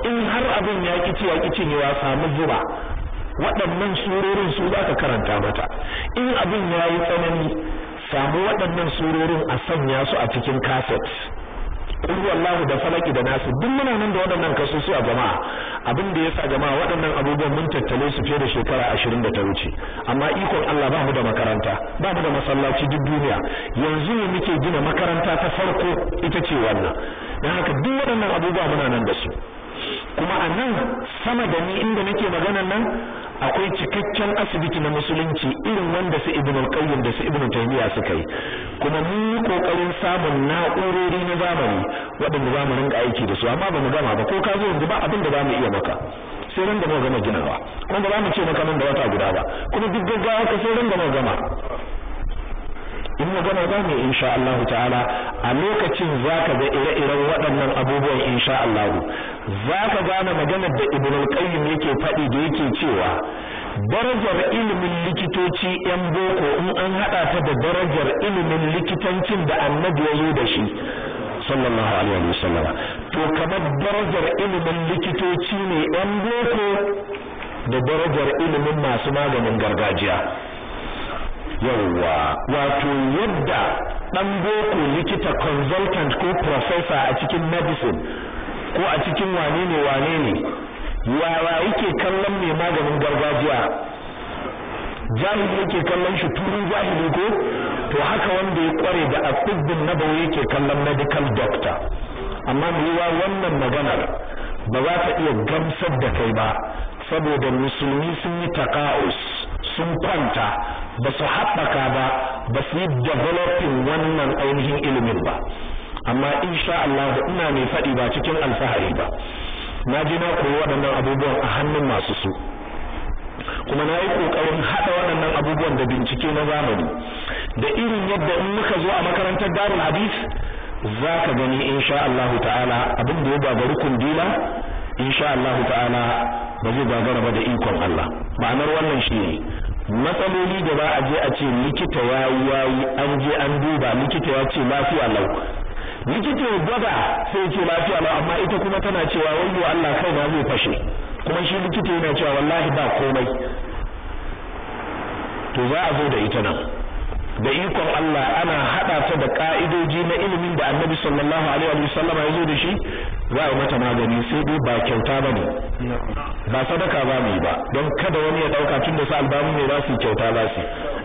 in har abin ya kici ya kici ne ya samu zuba waɗannan surorin su za ka karanta mata in abin ya yi tsanani samu waɗannan surorin a sanya su a cikin kaset kul wallahu da falaki da nasu duk muna nan da waɗannan a jama'a abin da yasa jama'a waɗannan abubuwan mun tattale su fiye da shekara ashirin da ta wuce amma ikon Allah ba mu da makaranta ba mu da masallaci duk duniya yanzu ne muke gina makaranta ta farko ita ce wannan dan haka duk waɗannan abubuwa muna nan da su kuma a nan sama da ni inda nake maganan nan akwai cikakken asibiti na musulunci irin wanda su ibn qayyim da su ibn taymiya suka yi kuma mun yi kokarin samun na'urori na zamani waɗanda za mu rinka aiki da su amma ba mu gama ba ko ka zo yanzu ba abin da za mu iya maka sai ran da mu gama ginawa kuma ba mu ce maka nan da wata guda ba kuma duk gaggawa ka sai ran da mu gama in magana za mu insha Allah ta'ala a lokacin zaka ga ire-iren waɗannan abubuwan insha Allah zaka gane maganar da Ibn al-Qayyim yake faɗi da yake cewa darajar ilimin likitoci yan boko in an haɗa ta da darajar ilimin likitancin da annabi ya zo da shi sallallahu alaihi wasallam to kamar darajar ilimin likitoci ne yan boko da darajar ilimin masu maganin gargajiya yawwa wato yadda dan boko likita consultant ko professor a cikin medicine ko a cikin wane ne wane ne yawa yake kallon mai maganin gargajiya jahili yake kallon shi turun jahili ko to haka wanda ya kware da na nabawi yake kallon medical doctor amma yi wannan maganar ba za ta iya gamsar da kai ba saboda musulmi sun yi taqa'us sun kwanta ba su haɓaka ba ba su yi developing wannan ainihin ilimin ba amma insha Allah ina mai faɗi ba cikin alfahari ba na ji na koyi waɗannan abubuwan a hannun masu su kuma na yi ƙoƙarin haɗa waɗannan abubuwan da bincike na zamani da irin yadda in muka zo a makarantar darul hadis za ka gani insha Allah ta'ala abin da ya gagaru kundila insha Allah ta'ala ba zai gagara ba da ikon Allah ma'anar wannan shi ne matsaloli da ba a je a ce likita ya yi an je an duba likita ya ce lafiya lau likita ya gwada sai ce lafiya lau amma ita kuma tana cewa wayo Allah kai na zai fashe kuma shi likita yana cewa wallahi ba komai to za a zo da ita nan da ikon Allah ana hada ta da ka'idoji na ilimin da Annabi sallallahu alaihi wa sallam ya zo da shi za a mata magani sai dai ba kyauta ba ne ba sadaka ba mai ba don kada wani ya dauka tun da su albamu ne za su kyauta ba su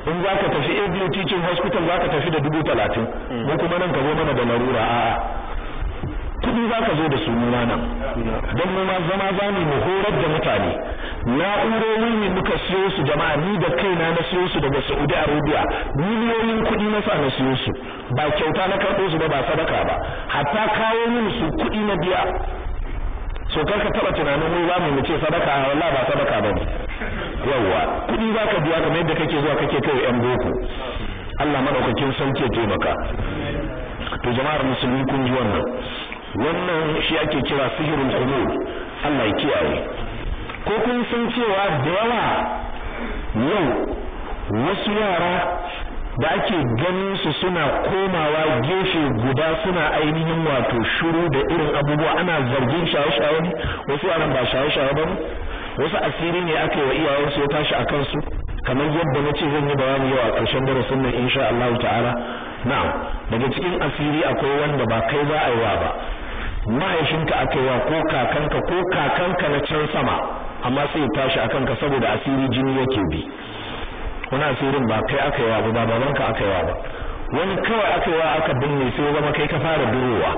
in za ka tafi ABU teaching hospital za ka tafi da dubu talatin mu kuma nan ka zo mana da larura a'a kudi za ka zo da su nuna nan don mu zama za mu horar da mutane na'urori ne muka siyo su jama'a ni da kaina na siyo su daga Saudi Arabia miliyoyin kuɗi na sa na siyo su ba kyauta na karɓo su ba ba sadaka ba hatta kawo min su kuɗi na biya so kar ka taɓa tunanin wai zamu mu ce sadaka wallahi ba sadaka ba yawwa kuɗi za ka biya kamar yadda kake zuwa kake kai yan boko Allah madaukakin sauke taimaka to jama'ar musulmi kun ji wannan wannan shi ake kira sihirul hulul Allah ya kiyaye ko kun san cewa da yawa yau wasu yara da ake ganin su suna komawa gefe guda suna ainihin wato shiru da irin abubuwa ana zargin shaye-shaye ne wasu yaran ba shaye-shaye ba wasu asiri ne aka yi wa iyayensu ya tashi a kansu kamar yadda na ce zan yi bayani yau a ƙarshen darasin nan insha Allah ta'ala na'am daga cikin asiri akwai wanda ba kai za a yi wa ba mahaifinka aka yi wa ko kakanka ko kakanka na can sama amma sai ya tashi akan ka saboda asiri jini yake bi wani asirin ba kai aka yawa ba ka aka wa ba wani kawai aka wa aka binne sai ya zama kai ka fara durowa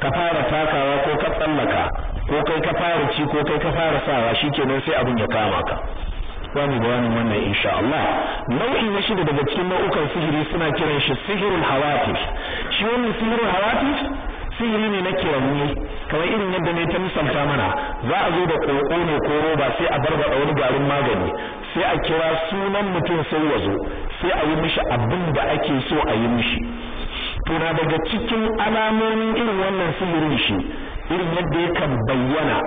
ka fara takawa ko ka tsallaka ko kai ka fara ci ko kai ka fara sawa shikenan sai abin ya kama ka wani wani wannan insha Allah nau'i na shida daga cikin nau'ukan sihiri suna kiran shi sihirul hawatif shi wannan sihirul hawatif sihiri ne na kiranni kamar irin yadda ne ta misalta mana za a zo da koko ne ko roba sai a barbada wani garin magani sai a kira sunan mutum sai ya zo sai a yi mishi abin da ake so a yi mishi to daga cikin alamomin irin wannan sihirin shi irin yadda ya kan bayyana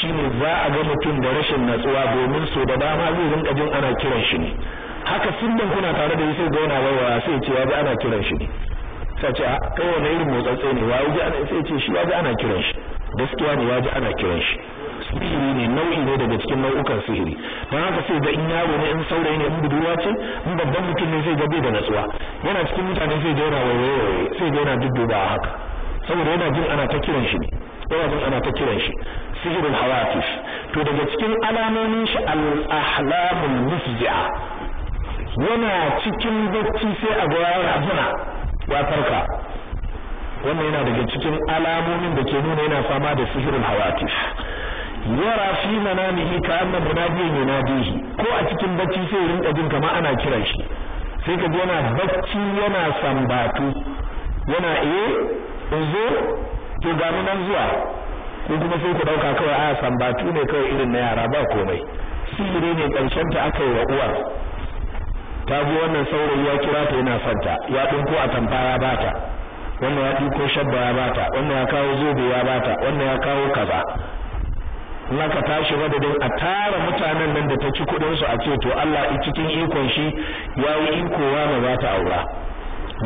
shine za a ga mutum da rashin natsuwa domin so da dama zai rinka jin ana kiran shi ne haka sirrin kuna tare da yi sai gona yana wayewa sai ce ya ana kiran shi ne Sace a kai wani irin motsatsai ne wa yaji ana sai ce shi yaji ana kiran shi gaskiya ne yaji ana kiran shi sihiri ne nau'i ne daga cikin nau'ukan sihiri don haka sai ga in yaro ne in saurayi ne in budurwa ce in babban mutum ne sai ga bai da natsuwa yana cikin mutane sai ga yana waiwaye sai ga yana a haka saboda yana jin ana ta kiran shi ne yana jin ana ta kiran shi sihirin hawatif to daga cikin alamomin shi al-ahlamul mufzi'a yana cikin bacci sai a ga yana ya farka wannan yana daga cikin alamomin da ke nuna yana fama da sihirin hawatif yara fi manamihi ka annan munadiyan yunadihi ko a cikin bacci sai rinka jin kamar ana kiran shi sai ka yana bacci yana sambatu yana eh in zo to ga nan zuwa ko kuma sai ku dauka kawai a ah, sambatu ne kawai irin na yara ba komai sihiri ne karshen ta aka yi wa uwar ta ji wannan saurayi ya kira ta yana fanta ya dinko a tamfa ya bata wannan ya dinko shabba ya bata wannan ya kawo zobe ya bata wannan ya kawo kaza naka ka tashi madadin a tara mutanen nan da ta ci kudin su a ce to Allah cikin ikon shi yayi wa wani za ta aura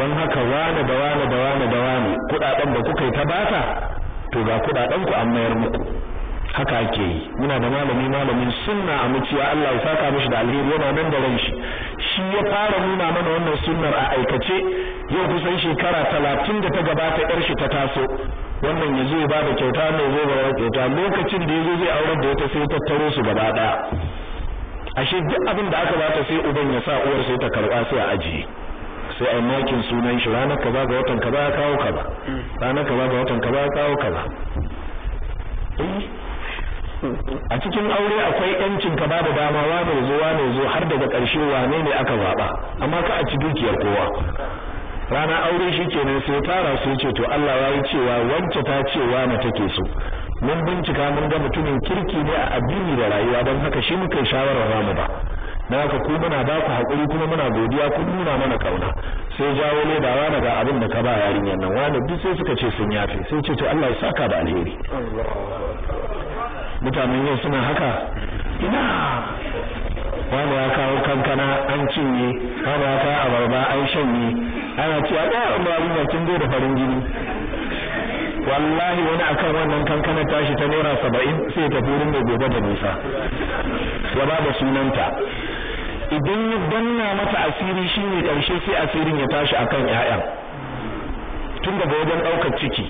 don haka wani da wani da wani da wani kudaden da kuka yi ta bata to ga kudaden ku an mayar muku haka ake yi muna da malami malamin sunna a muciya Allah ya saka mishi da alheri yana nan da ran shi shi ya fara nuna mana wannan sunnar a aikace yau kusan shekara talatin da ta gabata yar shi ta taso wannan ya zo ya bada kyauta mai zo ba kyauta lokacin da ya zo zai aure da wata sai tattaro su gaba daya ashe duk abin da aka bata sai uban ya sa uwar sai ta karba sai a ajiye sai a makin sunan shi ranar kaza ga watan kaza ya kawo kaza ranar kaza ga watan kaza ya kawo kaza eh, a cikin aure akwai yancin ka babu dama wane zo ne zo har daga ƙarshe wane ne aka zaba amma ka a ci dukiyar kowa rana aure shi kenan sai fara su ce to Allah ya yi cewa wance ta ce ne take so mun bincika mun ga mutumin kirki ne a addini da rayuwa don haka shi muka shawarar mu ba na haka ku muna ba ku haƙuri kuma muna godiya kun nuna mana kauna sai jawo wani daga abin da ka ba yarinyar nan wani duk sai suka ce sun yafe sai ce to Allah ya saka da alheri mutane yau suna haka ina wanda ya kawo kankana an cinye wanda ya kawo abarba an shanye ana cewa ɗaya umar abubuwa kin da farin jini wallahi wani akan wannan kankana tashi ta naira saba'in sai ta furin mai gobe da nisa ya ba da sunanta idan ya danna mata asiri shi ne ƙarshe sai asirin ya tashi akan 'ya'yan tun daga wajen ɗaukar ciki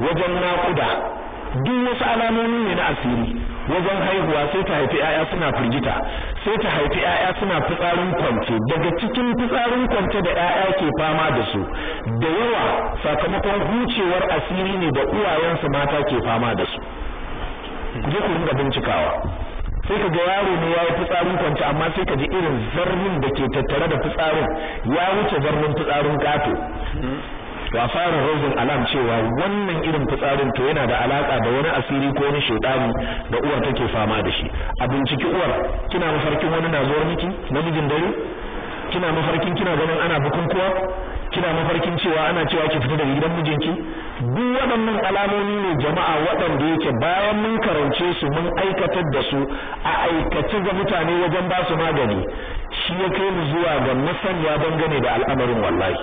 wajen naƙuda duk wasu alamomi ne na asiri wajen haihuwa sai ta haifi 'ya'ya suna firgita sai ta haifi 'ya'ya suna fitsarin kwance daga cikin fitsarin kwance da 'ya'ya ke fama da su da yawa sakamakon hucewar asiri ne da uwayensu mata ke fama da su je ku ringa bincikawa sai ka ga yaro ne ya yi fitsarin kwance amma sai ka ji irin zarrin da ke tattare da fitsarin ya wuce zarnin fitsarin kato to a fara rozin alam cewa wannan irin fitsarin to yana da alaka da wani asiri ko wani shedani da uwar take fama da shi a binciki uwar kina mafarkin wani na zuwar miki namijin dare kina mafarkin kina ganin ana bukunkuwa kina mafarkin cewa ana cewa ki fita daga gidan mijinki duk waɗannan alamomi ne jama'a waɗanda yake bayan mun karance su mun aikatar da su a aikace ga mutane wajen ba su magani shi ya kai mu zuwa ga masaniya dangane da al'amarin wallahi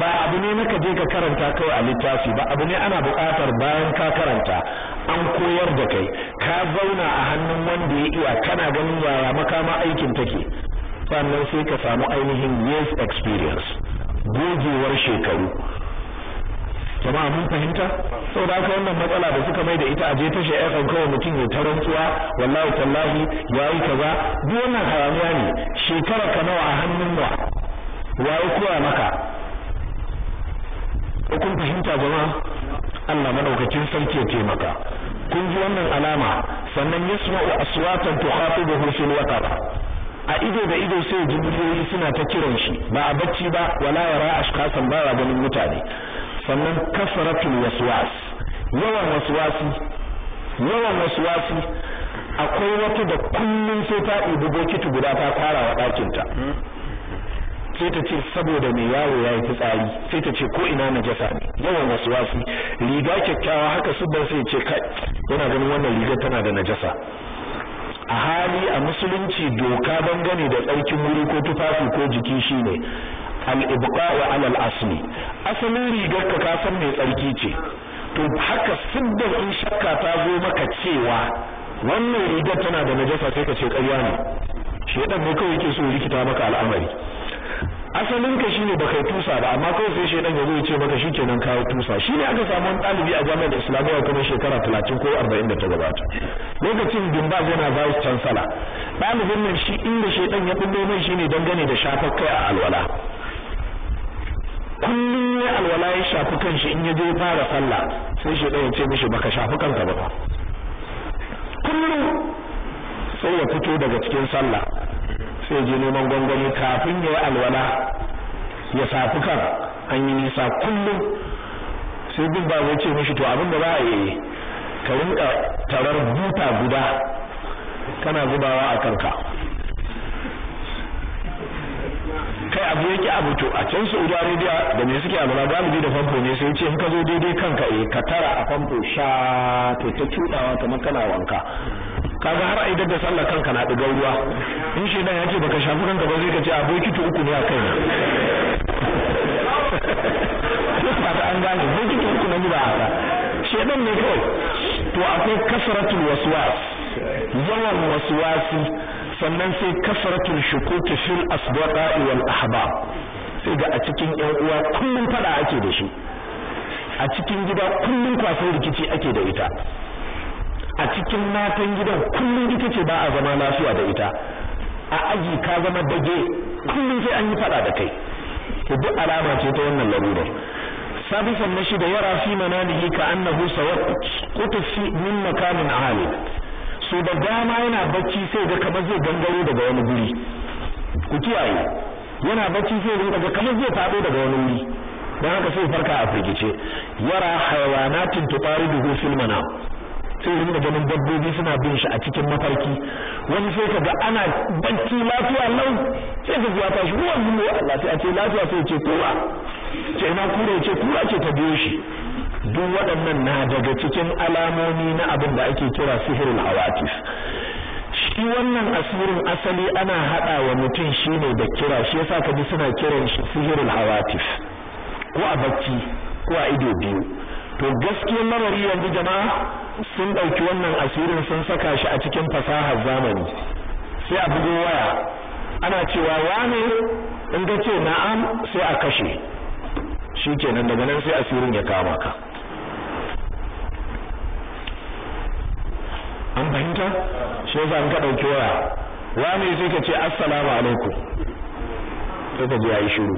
ba abu ne na je ka karanta kawai a littafi ba abu ne ana buƙatar bayan ka karanta an koyar da kai ka zauna a hannun wanda ya iya kana ganin yaya makama aikin take sannan sai ka samu ainihin years experience gogewar shekaru jama'a mun fahimta sau da aka wannan matsala da suka mai da ita a je tashi ayyukan kawai mutum ya ta rantsuwa wallahi tallahi ya yi za duk wannan hayaniya ne shekara ka nawa a hannun wa yi koya maka kun fahimta jama'a Allah madaukakin sarki ya taimaka kun ji wannan alama sannan yasma'u aswatan tukhatibuhu fil waqt a ido da ido sai jibriyoyi suna ta kiran shi ba a bacci ba wala yara ashkasan ba ganin mutane sannan kasaratul waswas yawan waswasi yawan waswasi akwai wata da kullum sai ta ɗibi bokiti guda ta fara wa ɗakinta sai ta ce saboda mai yawo ya yi fitsari sai ta ce ko ina na jasa ne yawan waswasi riga kyakkyawa haka su ban sai ce kai yana ganin wannan riga tana da najasa a hali a musulunci doka dangane da tsarkin wuri ko tufafi ko jiki shine al-ibqa'u alal asali asalin rigar ka ka mai tsarki ce to haka siddan in shakka ta zo maka cewa wannan rigar tana da najasa sai ka ce ƙarya ne shi ɗan ne kawai yake so rikita maka al'amari asalin ka shine baka yi tusa ba amma kawai sai shi ɗan ya zo ya ce maka shikenan kawo tusa shi ne aka samu wani ɗalibi a jami'ar Islamiyya kuma shekara 30 ko 40 da ta gabata lokacin Bimbaz yana vice chancellor ɗalibin nan shi inda shi ɗan ya bullo mai shine dangane da shafar kai a alwala kullum ya alwala ya shafi shi in ya je fara sallah sai shi ya ce mishi baka shafi kanka ba kullum sai ya fito daga cikin sallah sai je neman gwangwani kafin ya yi alwala ya safi kan an yi nisa kullum sai duk ba zai ce mishi to abin da za a yi ka rinka tarar buta guda kana zubawa a kanka kai abu yake abu to a can Saudi Arabia da me suke alwala galibi da famfo ne sai ce in ka zo daidai kanka eh ka tara a famfo sha to ta cudawa kamar kana wanka kaga har ai da sallar kanka na ɗigar ruwa in shi dan yace baka shafi kanka ba zai ka ce aboki to uku ne a kai ba ta an gane aboki to uku ne ba haka shedan ne kawai to akwai kasaratul waswas yawan waswasi sannan sai kasratul shukuki fil asbaqa'i wal ahbab sai ga a cikin ƴan uwa kullum fada ake da shi a cikin gida kullum kwasan rikici ake da ita a cikin matan gidan kullum ita ce ba a zama lafiya da ita a aji ka zama dage kullum sai an yi fada da kai to duk alama ce ta wannan larurar sabisan na da yara fi mananihi ka annahu sayaqutu fi min makamin alim Su da dama yana bacci sai ga kamar zai gangaro daga wani guri ku kiyaye yana bacci sai ga kamar zai faɗo daga wani wuri dan haka sai farka a firgice yara hayawanatin tutaridu fil manam sai irin da ganin dabbobi suna bin shi a cikin mafarki wani sai ka ga ana bacci lafiya lau sai ka zuwa tashi ruwan zuwa Allah sai a ce lafiya sai ce kura ce na kura ce kura ce ta biyo shi duk waɗannan na daga cikin alamomi na abin da ake kira sihirul hawatif shi wannan asirin asali ana haɗa wa mutum shi ne da kira shi yasa bi suna kiran shi sihirin hawatif ko a bacci ko a ido biyu to gaskiyar lamari yanzu jama'a sun ɗauki wannan asirin sun saka shi a cikin fasahar zamani sai a bugo waya ana cewa wane in ga ce na'am sai a kashe shi kenan daga nan sai asirin ya kama ka an fahimta shi yasa an ka dauki waya wani sai ka ce assalamu alaikum sai ka ji yayi shiru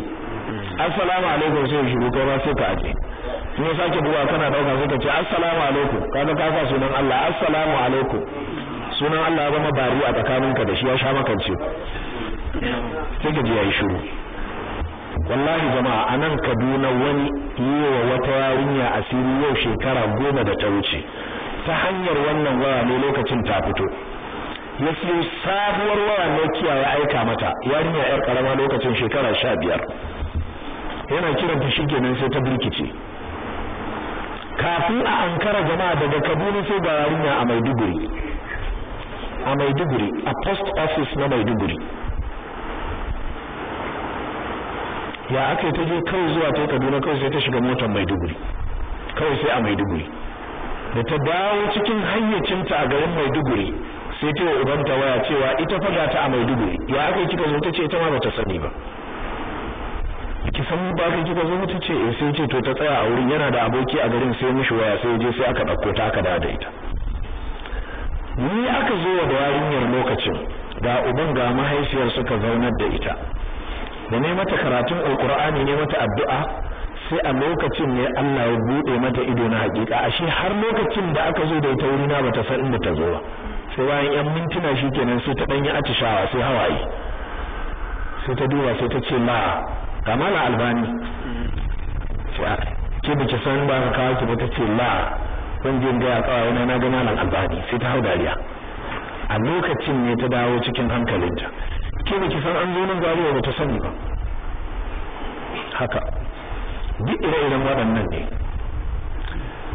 assalamu alaikum sai shiru kai ma sai ka aje in ya sake buga kana dauka sai ka ce assalamu alaikum ga ka sa sunan Allah assalamu alaikum sunan Allah ya zama bari a tsakanin ka da shi ya sha maka ce sai ka ji yayi shiru wallahi jama'a a nan kaduna wani yi wa wata yarinya asiri yau shekara goma da ta wuce ta hanyar wannan waya ne lokacin ta fito ya siyo sabuwar waya ne ya aika mata yarinya yar karama lokacin shekara sha biyar yana kiranta shi kenan sai ta birkice kafin a ankara jama'a daga Kaduna sai ga yarinya a Maiduguri a Maiduguri a post office na Maiduguri ya aka yi ta je kawai zuwa ta Kaduna kawai sai ta shiga motar Maiduguri kawai sai a Maiduguri da ta dawo cikin hayyacinta a garin Maiduguri sai ta ubanta waya cewa ita fa ta a Maiduguri ya aka kika zo ta ce ita ma bata sani ba ki san ba ka kika zo ta ce eh, sai ce to ta tsaya a wurin yana da aboki a garin sai mishi waya sai je sai aka ɗauko ta aka da ita ni aka zo wa yarinyar lokacin ga uban ga mahaifiyar suka zaunar da ita da ne mata karatun alkur'ani ne mata addu'a sai a lokacin ne Allah ya bude mata ido na hakika ashe har lokacin da aka zo da ita wuri na bata san inda ta zo ba sai bayan yan mintuna shikenan sai ta danyi atishawa sai hawaye sai ta duba sai ta ce ma kamala albani ke bace san ba ka kawo ki ba ta ce la kun je ga kawai wani na ga malam albani sai ta hau dariya a lokacin ne ta dawo cikin hankalinta ke da ki san an zo nan gari ba ta sani ba haka duk ire-iren waɗannan ne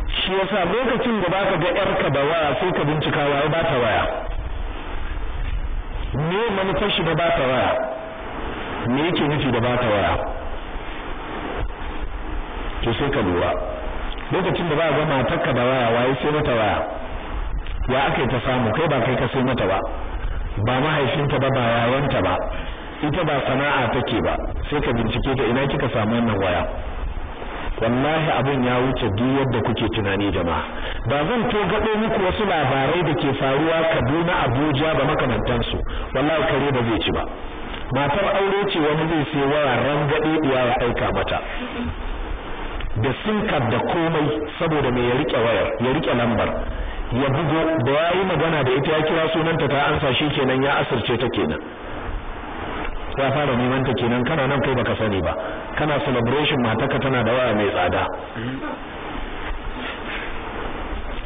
shi yasa lokacin da baka ga yarka da waya sai ka bincika waye ba ta waya me manufar shi da ba ta waya me yake nufi da ba ta waya to sai ka lura lokacin da ba ga matarka da waya waye sai mata waya ya aka ta samu kai ba kai ka sai mata ba ba mahaifinta ba ba yayanta ba ita ba sana'a take ba sai ka bincike ta ina kika samu wannan waya wallahi abin ya wuce duk yadda kuke tunani jama'a ba zan to gado muku wasu labarai da ke faruwa Kaduna Abuja ba su wallahi kare ba zai ci ba matar aure ce wani zai sai waya rangade diya ya aika mata da sim card da komai saboda mai ya rike wayar ya rike lambar ya bugo da yayi magana da ita ya kira sunanta ta ansa shi kenan ya asirce ta kenan ya fara neman ta kenan kana nan kai baka sani ba kana celebration matarka tana da waya mai tsada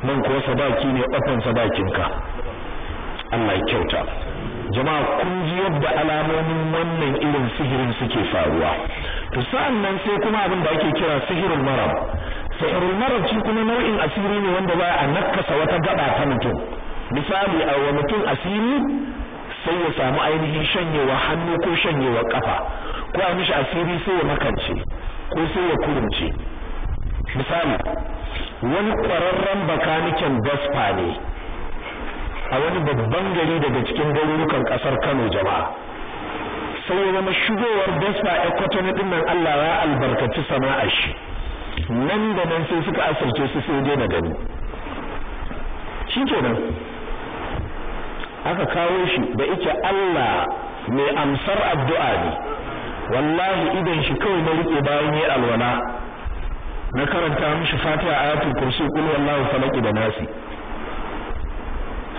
nan kuwa sadaki ne ofan sadakinka Allah ya kyauta jama'a kun ji yadda alamomin wannan irin sihirin suke faruwa to sa'an sai kuma abin da ake kira sihirin maram, sihirul marab shi kuma nau'in asiri ne wanda ba a nakasa wata gaba ta mutum misali a wa mutum asiri sai ya samu ainihin shanyewa hannu ko shanyewa kafa ko a mishi asiri sai ya makance ko sai ya kurumce misali wani ƙwararren bakaniken Vespa ne a wani babban gari daga cikin garurukan ƙasar Kano jama'a sai ya zama shigowar vespa ya na Dinnan Allah ya albarkaci sana'a shi nan da nan sai suka asirce su sai daina gani shi nan? aka kawo shi da ike Allah mai amsar addu'a ne wallahi idan shi kawai na rike bayan yi alwala na karanta mishi fatiha ayatul kursi kul wallahu falaki da nasi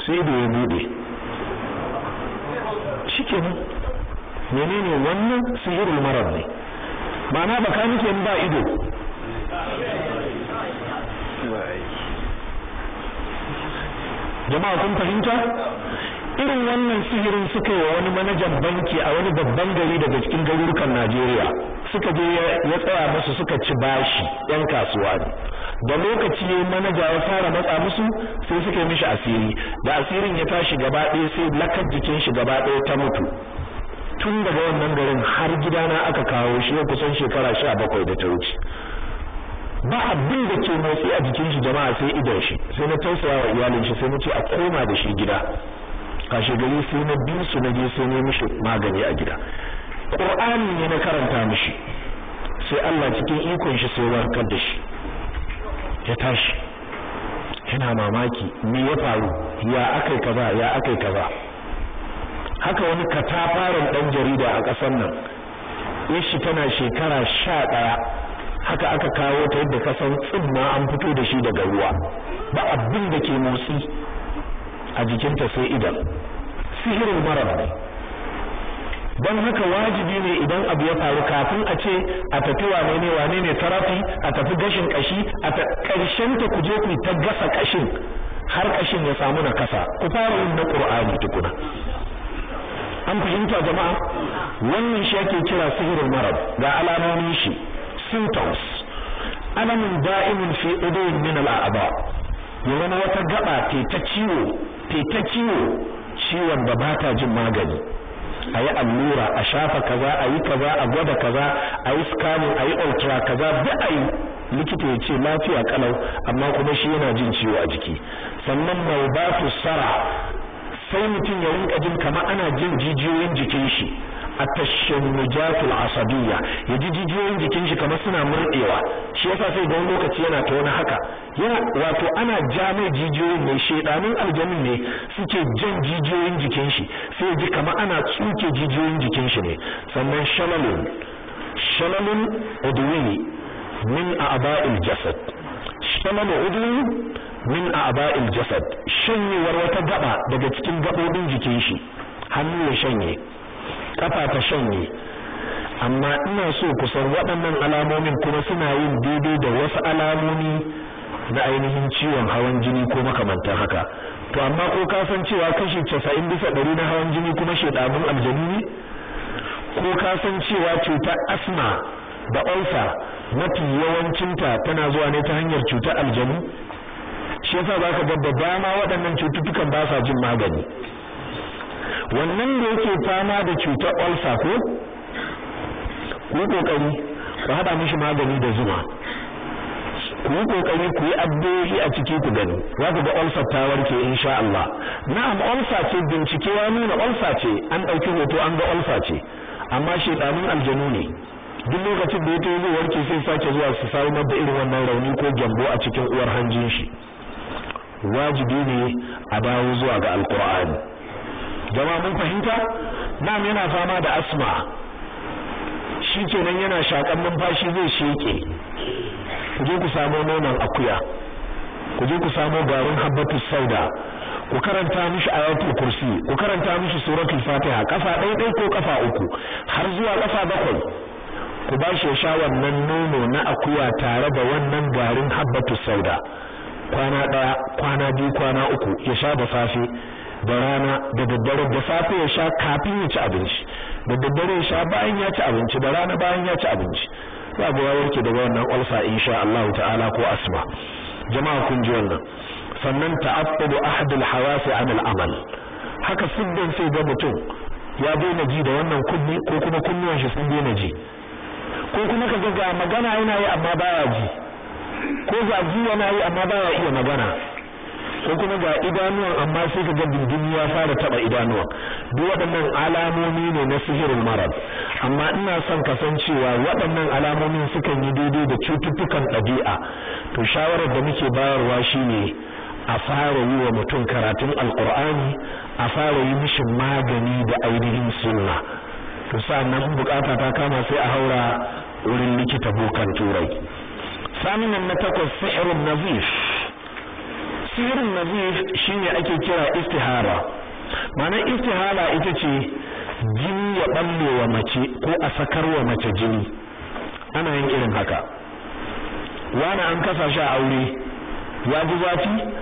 sai da ya bude ne menene wannan sihirul marar ne ma'ana baka nake ba ido jama'a kun fahimta irin wannan sihirin suka yi wa wani manajan banki a wani babban gari daga cikin garurukan Najeriya suka je ya tsaya musu suka ci bashi yan kasuwa ne da lokaci ya manaja ya fara matsa musu sai suka yi mishi asiri da asirin ya tashi gaba ɗaya sai lakar jikin shi gaba ɗaya ta mutu tun daga wannan garin har gidana aka kawo shi ya kusan shekara sha bakwai da ta wuce ba abin da ke motsi a jikin shi jama'a sai idan shi sai na tausaya wa iyalin shi sai na ce a koma da shi gida kashe gari sai na biyu su na je sai ne mishi magani a gida qur'ani ne na karanta mishi sai Allah cikin ikon shi sai warkar da shi ya tashi yana mamaki me ya faru ya akai kaza ya akai kaza haka wani katafaren ɗan jarida a ƙasar nan shi tana shekara sha ɗaya haka aka kawo ta yadda kasan tsimma an fito da shi daga ruwa ba abin da ke motsi a jikinta sai idan sihirin marar ne don haka wajibi ne idan abu ya faru kafin a ce a tafi wane ne wane ne tarafi a tafi gashin kashi a ta karshen ta kuje ku ta gasa kashin har kashin ya samu na kasa ku fara yin na qur'ani tukuna an fahimta jama'a wannan shi ake kira sihirin marab ga alamomin shi symptoms alamin da'imin fi uduwin min al'aba yawan wata gaba ce ta ciwo ta ciwo ciwon da bata jin magani ayi allura a shafa kaza ayi kaza a gwada kaza ayi yi scanning a ultra kaza duk ayi likita ya ce lafiya kalau amma kuma shi yana jin ciwo a jiki sannan maubatu sara sai mutum ya rinka jin kamar ana jin jijiyoyin jikin shi atashunnujatul asabiyya ya ji jijiyoyin jikin shi kamar suna murɗewa shi yasa sai don lokaci yana ta wani haka yana wato ana ja mai jijiyoyin ne shedanin aljanni ne suke jan jijiyoyin jikin shi sai ji kamar ana tsuke jijiyoyin jikin shi ne sannan shalalun shalalun udwi min a'ba'il jasad shalalun udwi min a'ba'il jasad shanyewar wata gaba daga cikin gabobin jikin shi hannu ya shanye kafa ta shanye amma ina so kusan waɗannan alamomin kuma suna yin daidai da wasu alamomi na ainihin ciwon hawan jini ko makamantar haka to amma ko ka san cewa kashi casa'in bisa ɗari na hawan jini kuma shedamin aljanu ne ko ka san cewa cutar asma da Ulsa mafi yawancinta tana zuwa ne ta hanyar cutar aljanu shi yasa zaka ga da dama waɗannan cututtukan ba sa jin magani wannan da yake fama da cutar ulcer ko ku kokari ku hada mishi magani da zuma ku yi kokari ku yi addu'o'i a ciki ku gani za ku ga olsa ta warke insha Allah na'am ulcer ce bincike ya nuna olsa ce an ɗauki hoto an ga olsa ce amma shedanun aljanu ne duk lokacin da yato zai warke sai sake zuwa su samar da irin wannan rauni ko gyambo a cikin uwar hanjin shi wajibi ne a dawo zuwa ga alqur'ani jama'a mun fahimta nam yana fama da asma shi kenan yana shakan numfashi zai sheke ku je ku samo nonon akuya ku je ku samo garin habbatu sauda ku karanta mishi ayatul kursi ku karanta mishi suratul fatiha kafa ɗaya ɗaya ko kafa uku har zuwa kafa bakwai ku ba shi sha wannan nono na akuya tare da wannan garin habbatu sauda kwana ɗaya kwana biyu kwana uku ya sha da safe da rana da daddare da safe ya sha kafin ya ci abinci da daddare ya sha bayan ya ci abinci da rana bayan ya ci abinci za ga ya warke daga wannan ulsa insha Allah ta'ala ko asma jama'a kun ji wannan sannan ta'abbadu al hawasi an al-amal haka siddan sai ga mutum ya daina ji da wannan kunni ko kuma kunniyar shi sun daina ji ko kuma ka ga magana yana yi amma baya ji ko ji yana yi amma baya iya magana sai kuma ga idanuwan amma sai ka ga dindini ya fara taba idanuwan duk waɗannan alamomi ne na sihirin marar amma ina son ka cewa waɗannan alamomin sukan yi daidai da cututtukan ɗabi'a to shawarar da muke bayarwa shine a fara yi wa mutum karatun alkur'ani a fara yi mishi magani da ainihin sunna to nan bukata ta kama sai a haura wurin likita bokan turai saminan na takwas sihirun nazif tafsirin nazif shine ake kira istihara mana istihara ita ce jini ya balle wa mace ko a sakar wa mace jini ana yin irin haka wani an kasa shi a aure ya ji zafi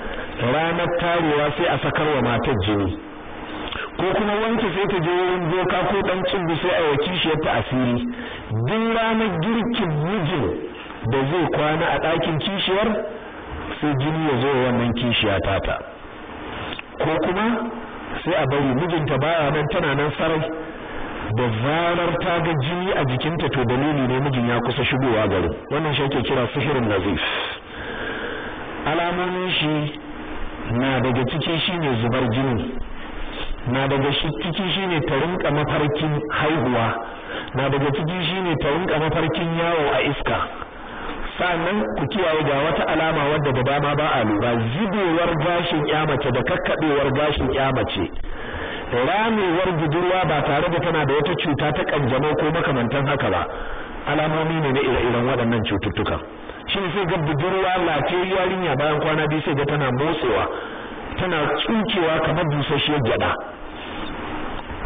ranar tarewa sai a sakar wa matar jini ko kuma wanke sai ta je wurin doka ko dan cibbi sai a shi ta asiri duk ranar girkin mijin da zai kwana a ɗakin kishiyar sai jini ya zo wannan ya tata ko kuma sai a bari mijinta baya nan tana nan sarai da zarar ta ga jini a jikinta to dalili ne mijin ya kusa shigowa garin wannan shi ake kira sihirin nazif alamomin shi na daga ciki shine zubar jini na daga ciki shine ta rinka mafarkin haihuwa na daga ciki shine ta rinka mafarkin yawo a iska sannan ku kiyaye ga wata alama wadda da dama ba a lura zubewar gashin ya mace da kakkabewar gashin ya mace ramewar budurwa ba tare da tana da wata cuta ta kanjamau ko makamantan haka ba alamomi ne na ire-iren waɗannan cututtuka shi sai ga budurwa lafiyar yarinya bayan kwana biyu sai ga tana motsewa tana tsukewa kamar busasshiyar gyaɗa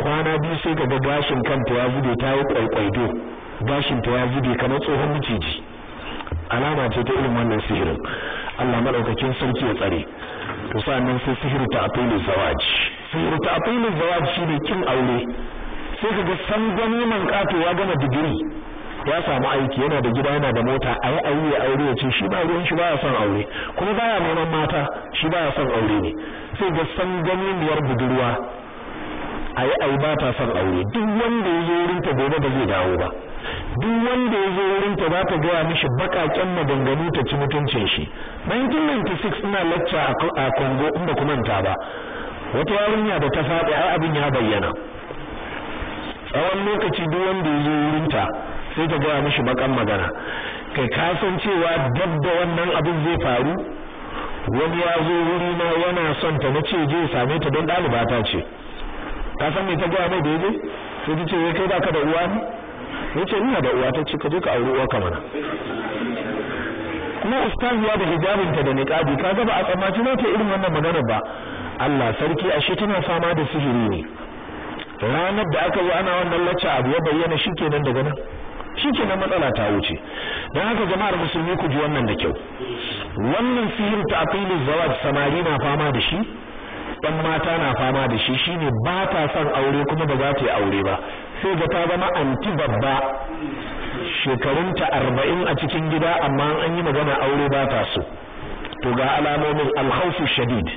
kwana biyu sai ga gashin kanta ya zube ta yi kwaikwaido gashin ta ya zube kamar tsohon miciji alama ce ta irin wannan sihirin Allah madaukakin sarki ya tsare to nan sai sihir ta aqilu zawaj sihir ta aqilu zawaj shine kin aure sai kaga san gani man kato gama digiri ya samu aiki yana da gida yana da mota ayi ayi ya aure ya ce shi ba ruwan shi baya son aure kuma baya neman mata shi baya son aure ne sai ga san gani miyar budurwa ayi ayi ba ta son aure duk wanda ya zo wurin ta gobe ba zai dawo ba duk wanda ya zo wurin ta za ta gaya mishi bakaken maganganu ta ci mutuncin shi 1996 ina lacca a Congo inda kuma ta ba wata yarinya da ta faɗi ai abin ya bayyana tsawon lokaci duk wanda ya zo wurin ta sai ta gaya mishi bakan magana kai ka san cewa dabba wannan abin zai faru wani ya zo wuri na yana son ta nace je same ta don ɗalibata ce ka san me ta gaya mai da daidai sai ta ce kai baka da uwa ne yace ina da uwa ta ce ka je ka auri uwa kamar kuma ustaziya da ta da niqabi kaga ba a tsammaci na ta irin wannan magana ba Allah sarki ashe tana fama da sihiri ne ranar da aka yi ana wannan lacca abu ya bayyana shikenan daga nan shikenan matsala ta wuce dan haka jama'ar musulmi ku ji wannan da kyau wannan sihir ta aqilu zawaj samari na fama da shi dan mata na fama da shi shine ba ta son aure kuma ba za ta yi aure ba sai ga ta zama anti babba shekarunta arba'in a cikin gida amma an yi magana aure ba ta so to ga alamomin alhaufu shadid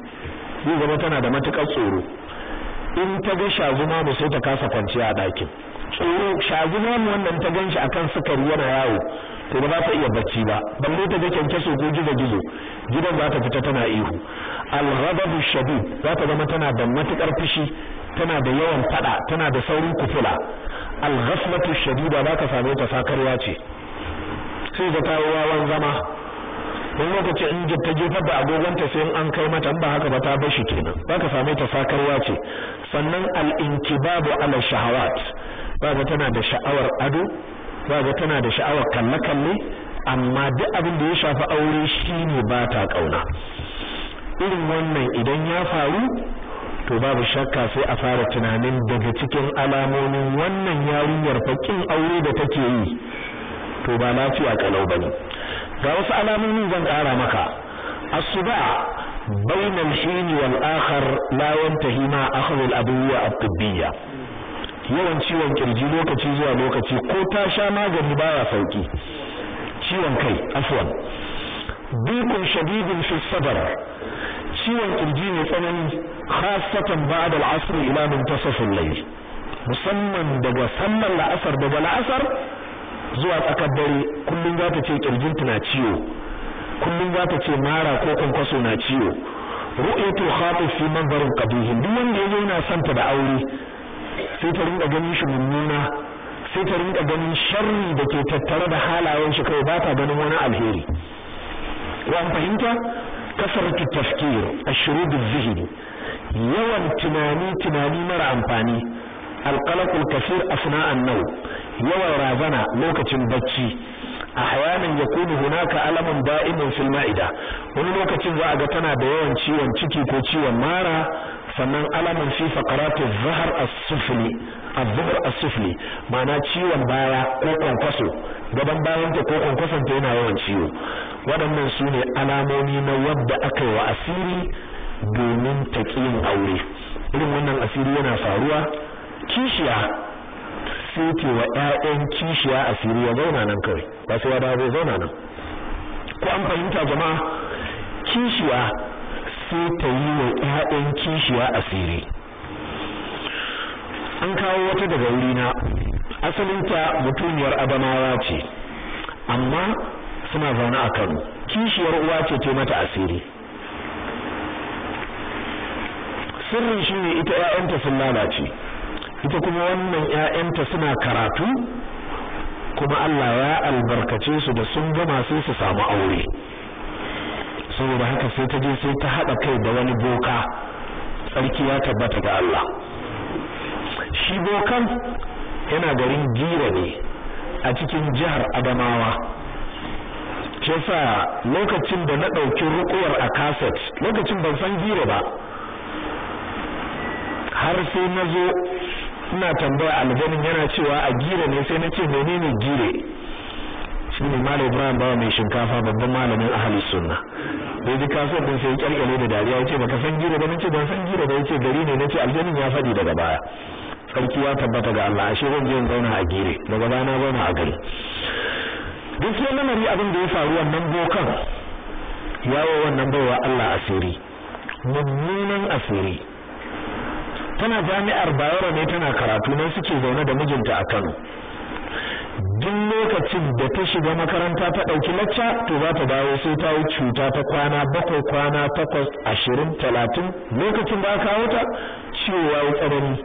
zai zama tana da matukar tsoro in ta ga shazuma mu sai ta kasa kwanciya a ɗakin tsoro shazuma wannan ta ganshi akan sukari yana yawo to ba ta iya bacci ba balle ta ga ko gizo gizo gidan za ta fita tana ihu al-ghadabu shadid za ta zama tana da matukar fushi tana da yawan fada tana da saurin kufula al-ghaflatu shadida za ka same ta sakarwa ce sai ta kawo wawan zama wani lokaci in ta jefar da agogonta sai an kai mata ba haka ba ta bashi shi kenan za ka same ta sakarwa ce sannan al-inkibabu ala shahawat za tana da sha'awar ado za tana da sha'awar kalle kalle amma duk abin da ya shafi aure shine ba ta kauna irin wannan idan ya faru to babu shakka sai a fara tunanin daga cikin alamomin wannan yarinyar fakin aure da take yi to ba lafiya kalau bane ga wasu alamomi zan kara maka asuba bainal hin wal akhar la yantahi ma akhdhu al adwiya at-tibbiyya yawan ciwon kirji lokaci zuwa lokaci ko ta sha magani baya sauki ciwon kai afwan bikun shadidun fi sabar. ciwon kirji ne tsanani khasatan ba'da al-asr ila muntasaf al-layl musamman daga sallar la'asar daga la'asar zuwa tsakar dare kullum za ta ce kirjinta na ciwo kullun za ta ce mara ko kwankwaso na ciwo ru'yatu khatif fi manzarin qabihin duk wanda yazo yana santa da aure sai ta rinka ganin shi sai ta rinka ganin sharri da ke tattare da halayen shi kai ba ta ganin wani alheri wa fahimta kasaratu tafkir ashrud az-zihni yawan tunani tunani mara amfani alqalaqul kasir asna an nau, yawan razana lokacin barci. bacci ahyanan yakunu hunaka alamun da'imun fil ma'ida wani lokacin za a ga tana da yawan ciwon ciki ko ciwon mara sannan alaman shi karatu zahar as-sufli a zuhr ma'ana ciwon baya ko kwankwaso gaban bayan ta ko kwankwason ta yana yawan ciwo waɗannan su ne alamomi na wadda aka yi wa asiri domin ta yin aure irin wannan asiri yana faruwa kishiya sai ke wa ƴaƴan kishiya asiri ya zauna nan kawai ba sai ya zauna nan ko an fahimta jama'a kishiya sai ta yi wa ƴaƴan kishiya asiri an kawo wata daga wurina asalinta mutumiyar abamawa ce amma suna zaune a Kano kishiyar uwa ce ta mata asiri sirrin shi ne ita ƴaƴanta sun lalace ita kuma wannan ƴaƴanta suna karatu kuma Allah ya albarkace su da sun gama sai su samu aure saboda haka sai ta je sai ta haɗa kai da wani boka tsarki ya tabbata ga Allah shi bokan yana garin gira ne a cikin jihar Adamawa shi lokacin da na ɗauki rukuwar a kaset lokacin ban san gira ba har sai na zo ina tambaya aljanin yana cewa a gira ne sai na ce menene gire shine malam Ibrahim bawa mai shinkafa babban malamin ahli sunna sai ji kasuwar din sai kyalkyale da dariya yace baka san gida ba nace ban san gida ba yace gari ne nace aljanin ya fadi daga baya sarki ya tabbata ga Allah ashe zan je in zauna a gire daga bana zauna a gari gaskiya lamari abin da ya faru wannan bokan yawo wannan baiwa Allah asiri mummunan asiri tana jami'ar Bayero ne tana karatu nan suke zaune da mijinta a Kano duk lokacin da ta shiga makaranta ta ɗauki lacca to za ta dawo sai ta yi cuta ta kwana bakwai kwana takwas ashirin talatin lokacin da aka kawo ta ciwo ya yi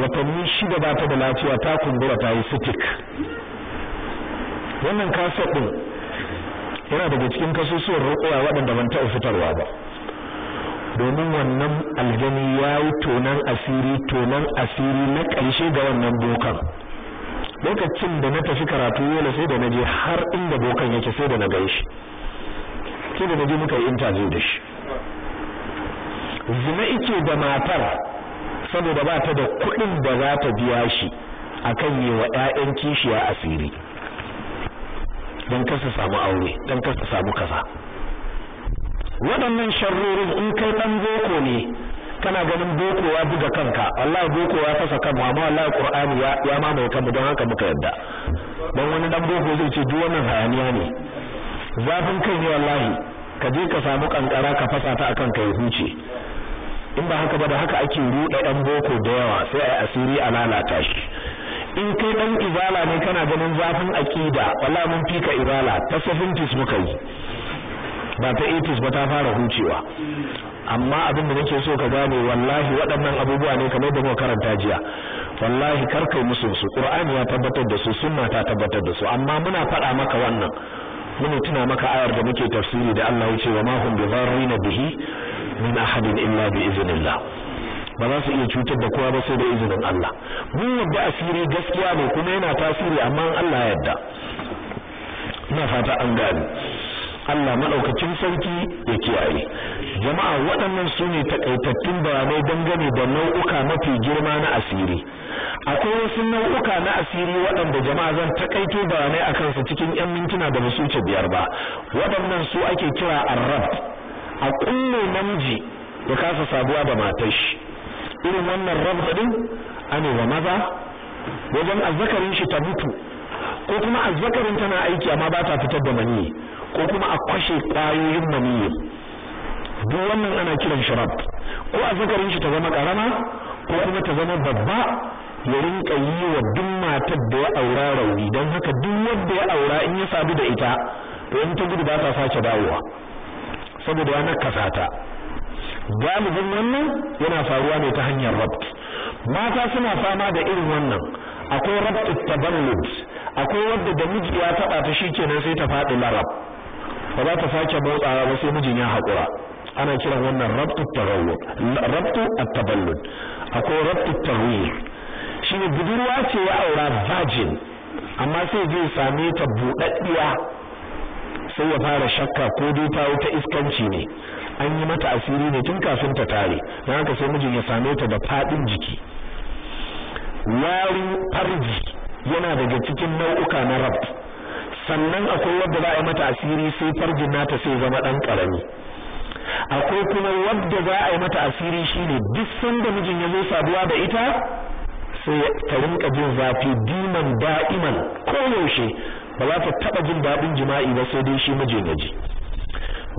watanni shida ba ta da lafiya ta kumbura ta yi sitik wannan kasa ɗin yana daga cikin kasusuwar rukuwa waɗanda ban taɓa fitarwa ba domin wannan aljani ya yi tonan asiri tonan asiri na ƙarshe ga wannan bokan lokacin da na tafi karatu yola sai da na je har inda bokan yake sai da na gan shi sai da na je muka yi interview da shi zina ike da matar saboda ba ta da kuɗin da za ta biya shi a kan yi wa 'ya'yan kishiya asiri don kasa samu aure don kasa samu kaza waɗannan sharrorin in kai ɗan zoko ne kana ganin boko ya buga kanka wallahi boko ya fasa kanmu amma wallahi qur'ani ya ya mamaye mu don haka muka yadda dan wani dan boko zai ce duk wannan hayaniya ne zafin kai ne wallahi ka je ka samu kankara ka fasa ta akan kai huce in ba haka ba da haka ake ruɗe dan boko da yawa sai a asiri a lalata shi in kai dan izala ne kana ganin zafin aƙida wallahi mun fika izala ta 70 muka yi ba ta 80 ba ta fara hucewa amma abin da nake so ka gane wallahi waɗannan abubuwa ne kamar da muka karanta jiya wallahi kar kai musu su qur'ani ya tabbatar da su sunna ta tabbatar da su amma muna faɗa maka wannan muna tuna maka ayar da muke tafsiri da Allah ya ce wa ma hum bi bihi min ahadin illa bi iznillah ba za su iya cutar da kowa ba sai da izinin Allah mun yadda asiri gaskiya ne kuma yana tasiri amma Allah ya yarda ina fata an gani. Allah madaukakin sarki ya kiyaye jama'a waɗannan su ne takaitattun bayanai dangane da nau'uka mafi girma na asiri akwai wasu nau'uka na asiri waɗanda jama'a zan takaito bayanai akan su cikin 'yan mintuna da musu wuce biyar ba waɗannan su ake kira arrab a kulle namiji ya kasa sabuwa da matar shi irin wannan rab din ane wa maza wajen azzakarin shi ta mutu ko kuma azzakarin tana aiki amma ba ta fitar da maniyyi ko kuma a kwashe kwayoyin maniyyi duk wannan ana kiran sharab ko azzakarin shi ta zama karama ko kuma ta zama babba ya rinka yi wa duk matar da ya aura rauni don haka duk wanda ya aura in ya sadu da ita to in ta gudu ba ta sace dawowa saboda ya nakasa ta galibin wannan yana faruwa ne ta hanyar rabt mata suna fama da irin wannan akwai rabt tabarrud akwai wadda da miji ya taba ta shi kenan sai ta faɗi larab ba za ta sake motsawa ba sai mijin ya haƙura ana kiran wannan rabtu tarawu rabtu at-taballud akwai rabtu shi shine budurwa ce ya aura virgin amma sai zai same ta buɗaɗɗiya sai ya fara shakka ko dai ta wuta iskanci ne an yi mata asiri ne tun kafin ta tare dan haka sai mijin ya same ta da faɗin jiki warin farji yana daga cikin nau'uka na rab sannan akwai wadda za a yi mata asiri sai farjin nata sai zama dan karami akwai kuma wadda za a yi mata asiri shine duk sanda mijin ya zo saduwa da ita sai ta rinka jin zafi diman da'iman yaushe ba za ta taba jin daɗin jima'i ba sai dai shi mijin ya ji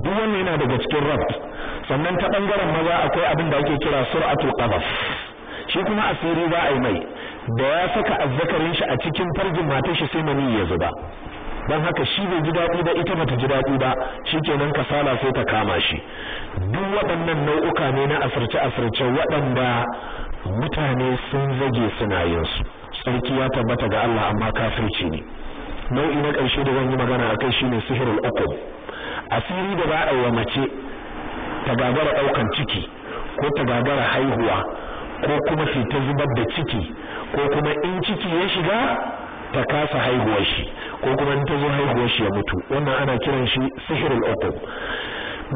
duk wannan yana daga cikin rab sannan ta bangaren maza akwai abin da ake kira sur'atul qadaf shi kuma asiri za a yi mai da ya saka azzakarin shi a cikin farjin matar shi sai mani ya zuba don haka shi bai ji daɗi ba ita bata ji daɗi ba shikenan kasala sai ta kama shi duk waɗannan nau'uka ne na asirce asirce waɗanda mutane sun zage suna yin su sarki ya tabbata ga Allah amma kafirci ne nau'i na ƙarshe da zan yi magana akai shine sihirul uqub asiri da ba a yi mace ta gagara ɗaukan ciki ko ta gagara haihuwa ko kuma fita zubar da ciki ko kuma in ciki ya shiga ta kasa haihuwar shi ko kuma in ta zo haihuwar shi ya mutu wannan ana kiran shi sihirul uqub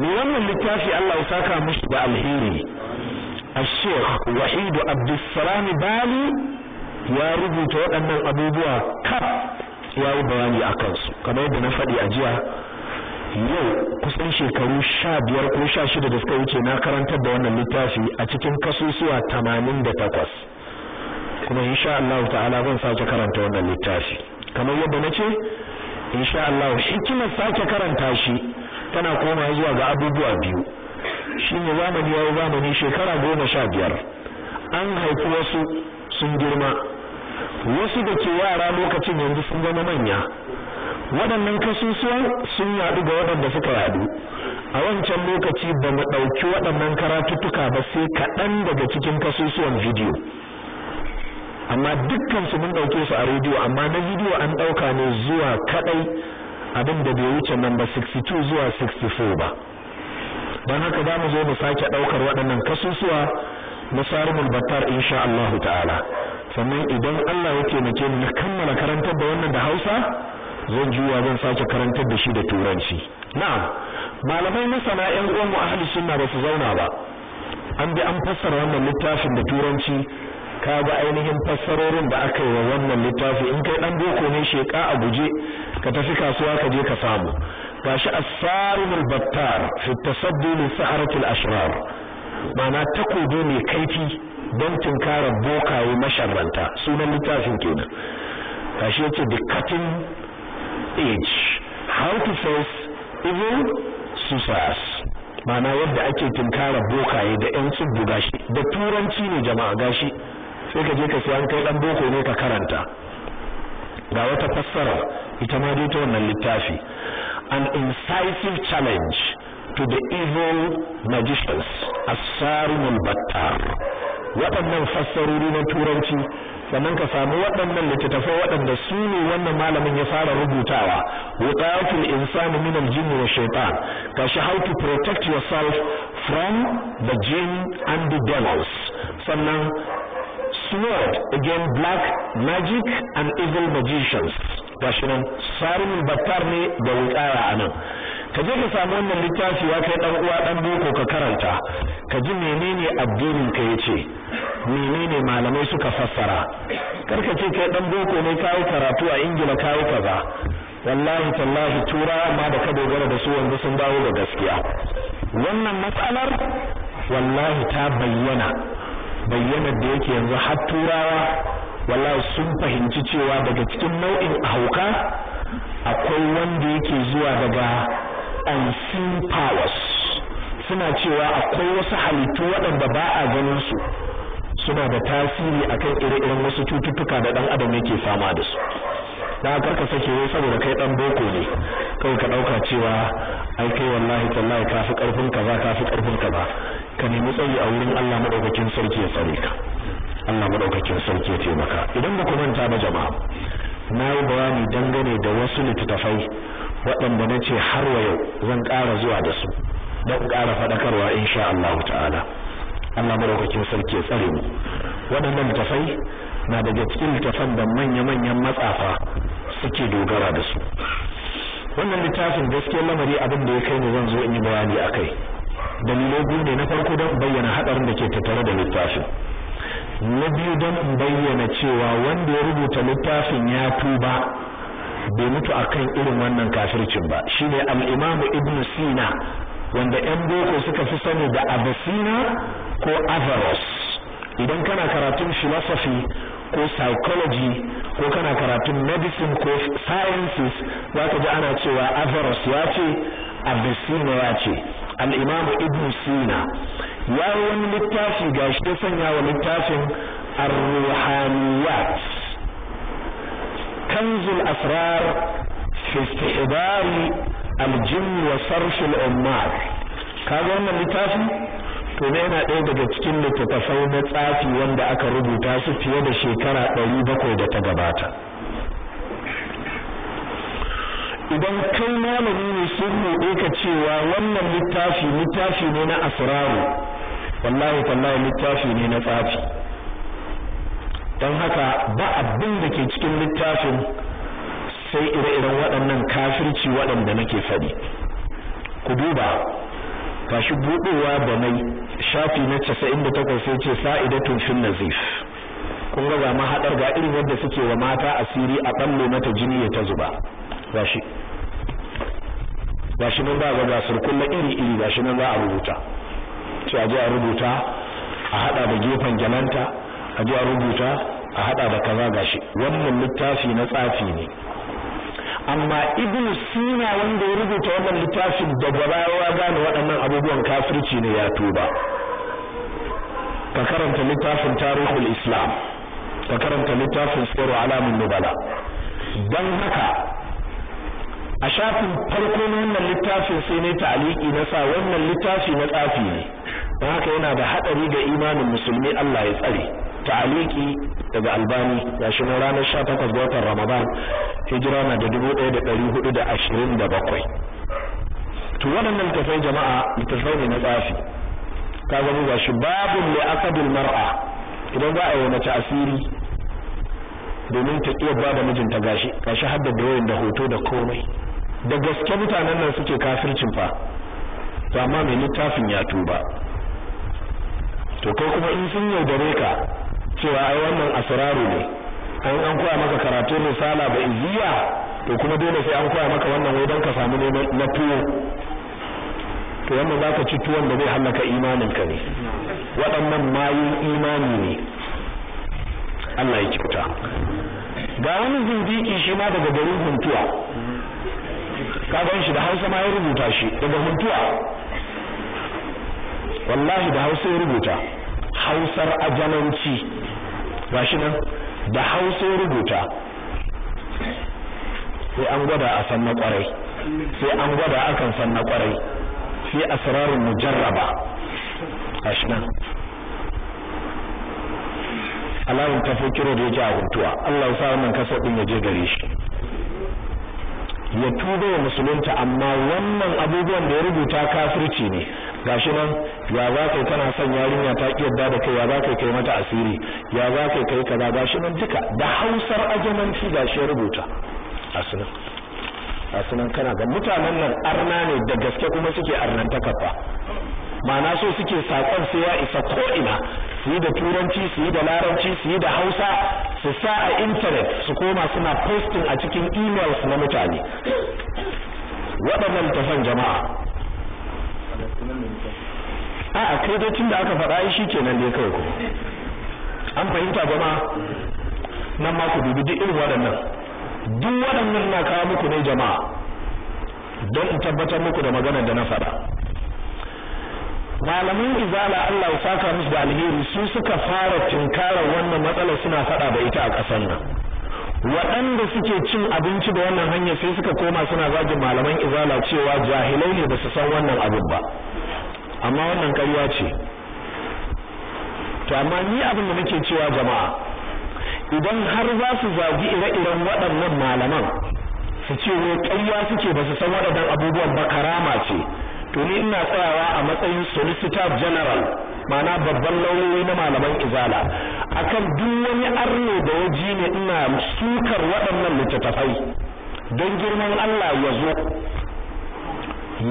me wannan littafi Allah ya saka mushi da alheri الشيخ وحيد عبد السلام Bali ya rubuta waɗannan abubuwa kaf ya yi bayani a kansu kamar da na faɗi a jiya yau kusan shekaru sha biyar ko sha shida da suka wuce na karantar da wannan littafi a cikin kasusuwa tamanin da takwas kuma insha Allah ta'ala zan sake karanta wannan littafi kamar yadda nace insha Allah hikimar sake karanta shi tana koma zuwa ga abubuwa biyu shine zamani yayi zamani shekara goma sha biyar an haifi wasu sun girma wasu da ke yara lokacin yanzu sun zama manya waɗannan kasusuwa sun yaɗu ga waɗanda suka yaɗu a wancan lokaci ba mu ɗauki waɗannan karatuttuka ba sai kaɗan daga cikin kasusuwan bidiyo amma dukkan su mun dauke su a rediyo amma na bidiyo an dauka ne zuwa kadai abin da bai wuce number 62 zuwa 64 ba dan haka za mu zo mu sake daukar waɗannan kasusuwa na sarumul battar insha Allah ta'ala sannan idan Allah ya taimake ni na kammala karantar da wannan da Hausa zan juya zan sake karantar da shi da turanci na'am malamai masana ƴan uwan mu ahli sunna ba su zauna ba an bi an fassara wannan littafin da turanci ka ga ainihin fassarorin da aka yi wa wannan littafi in kai dan boko ne sheka a guje ka tafi kasuwa ka je ka samu gashi as-sarim al-battar fi tasaddi li sa'arat ashrar ma'ana mai kaifi don tunkarar bokaye masharranta sunan littafin kenan gashi yace the cutting age how to face evil suicides Mana yadda ake tunkarar bokaye da yan tsubbu gashi da turanci ne jama'a gashi sai ka je ka siya kai dan boko ne ka karanta ga wata fassara ita ma dai ta wannan littafi an incisive challenge to the evil magicians as-sarimul battar waɗannan fassarori na turanci sannan ka samu waɗannan littattafai waɗanda su ne wannan malamin ya fara rubutawa wuqatul insani min al-jinni wa shaytan kashi how to protect yourself from the jinn and the devils sannan sword against black magic and evil magicians gashi nan battar ne da wukara a nan ka je ka samu wannan littafi ya kai dan uwa dan boko ka karanta ka ji menene addinin ka yace menene malamai suka fassara karka ce kai dan boko ne kawo karatu a ingila kawo kaza wallahi tallahi tura amma da ka dogara da su wanda sun dawo da gaskiya wannan matsalar wallahi ta bayyana bayyanar da yake yanzu har turawa wallahi sun fahimci cewa daga cikin nau'in hauka akwai wanda yake zuwa daga unseen powers suna cewa akwai wasu halittu waɗanda ba a ganin su suna da tasiri akan ire-iren wasu cututtuka da ɗan adam yake fama da su na karka sake wai saboda kai ɗan boko ne kawai ka ɗauka cewa ai kai wallahi tallahi kafi karfin kaza kafi karfin ba. ka nemi tsayi a wurin Allah madaukakin sarki ya tsare ka Allah madaukakin sarki ya taimaka idan ba ku manta ba jama'a na yi bayani dangane da wasu littattafai waɗanda na ce har wa yau zan ƙara zuwa da su don ƙara faɗakarwa insha Allah ta'ala Allah madaukakin sarki ya tsare mu waɗannan littattafai na daga cikin littattafan da manya-manyan matsafa suke dogara da su wannan littafin gaskiyar lamari abin da ya kai ni zan zo in yi bayani kai. dalilai biyu ne na farko don bayyana hadarin da ke tattare da littafin na biyu don bayyana cewa wanda ya rubuta littafin ya tuba bai mutu akan irin wannan kafircin ba shine al-Imam Ibn Sina wanda yan boko suka fi sani da Avicenna ko Averroes idan kana karatun philosophy ko psychology ko kana karatun medicine ko sciences za ka ji ana cewa Averroes ya ce Avicenna ya ce al'imamu ibn sina ya wani littafi ga shi ya sanya wa littafin ar kanzul asrar fi aljin wa kaga wannan littafin to ne yana ɗaya daga cikin littattafai na tsafi wanda aka rubuta su fiye da shekara 700 da ta gabata idan kai malami ne sun buɗe ka cewa wannan littafi littafi ne na asraru wallahi wallahi littafi ne na tsafi don haka ba abin da ke cikin littafin sai ire-iren waɗannan kafirci waɗanda nake faɗi ku duba kashi buɗewa da mai shafi na 98 sai ce sa'idatun fil nazif kun ga ma hadar ga irin wanda suke wa mata asiri a ɓalle mata jini ya ta zuba gashi gashi nan za ga gasar kulla iri iri gashi nan za a rubuta sai a je a rubuta a hada da gefen gyalanta a je a rubuta a hada da kaza gashi wannan littafi na tsafi ne amma ibn sina wanda ya rubuta wannan littafin da gabawa gane waɗannan abubuwan kafirci ne ya tuba ka karanta littafin tarihul islam ka karanta littafin sirru alamun nubala dan haka a shafin farko na wannan littafin sai ne ta'aliki na sa wannan littafi na tsafi ne don haka yana da hadari ga imanin musulmi Allah ya tsare ta'aliki daga albani ya shi ranar 18 ga watan ramadan hijira na da 1427 to waɗannan tafai jama'a littafai ne na tsafi ka zama ga shi babu mai asabin mar'a idan za a yi mace asiri domin ta iya ba da mijinta gashi gashi har da da hoto da komai da gaske mutanen nan suke kafircin fa to amma mai littafin ya tuba to kai kuma in sun yaudare ka cewa ai wannan asraru ne an an koya maka karatu ne sala ba iziya to kuma dole sai an koya maka wannan wai dan ka samu ne na tuwo to wannan zaka ci tuwon da zai hallaka imanin ka ne waɗannan mayun imani ne Allah ya kyauta ga wani zindiki shi ma daga garin huntuwa ka gan shi da hausa ma ya rubuta shi daga mutuwa wallahi da hausa ya rubuta hausar ajalanci shi nan da hausa ya rubuta sai an gwada a san na kwarai sai an gwada akan san na kwarai sai asrarun mujarraba shi nan alawun tafokiro da ji a hutuwa Allah ya sa wannan kasa din ya je gare shi ya tuba wa musulunta amma wannan abubuwan da ya rubuta kafirci ne gashi nan ya za kai kana son yarinya ta ki yadda da kai ya za kai kai mata asiri ya za kai kai kaza gashi nan duka da hausar ajamanci gashi ya rubuta asinan asinan kana ga mutanen nan arna ne da gaske kuma suke ta kafa. ma'ana so suke sakon sai ya isa ko'ina, ina su yi da turanci su yi da larabci su yi da hausa su sa a intanet su koma suna posting a cikin emails na mutane waɗannan tafan jama'a a a kai dai tunda aka faɗa shi kenan dai kawai ko an fahimta jama'a nan ma ku dubi duk irin waɗannan duk waɗannan na kawo muku ne jama'a don in tabbatar muku da maganar da na faɗa malaman izala Allah ya saka musu da alheri su suka fara tunkarar wannan matsalar suna faɗa da ita a ƙasar nan waɗanda suke cin abinci da wannan hanyar sai suka koma suna zagi malaman izala cewa jahilai ne ba su san wannan abin ba amma wannan ƙarya ce to amma ni abin da nake cewa jama'a idan har za su zagi ire-iren waɗannan malaman su ce wai ƙarya suke ba su san waɗannan abubuwan ba karama ce to ina tsayawa a matsayin solicitor general mana babban lauyoyi na malaman izala akan duk wani arno da waje ne ina sukar waɗannan littattafai don girman Allah ya zo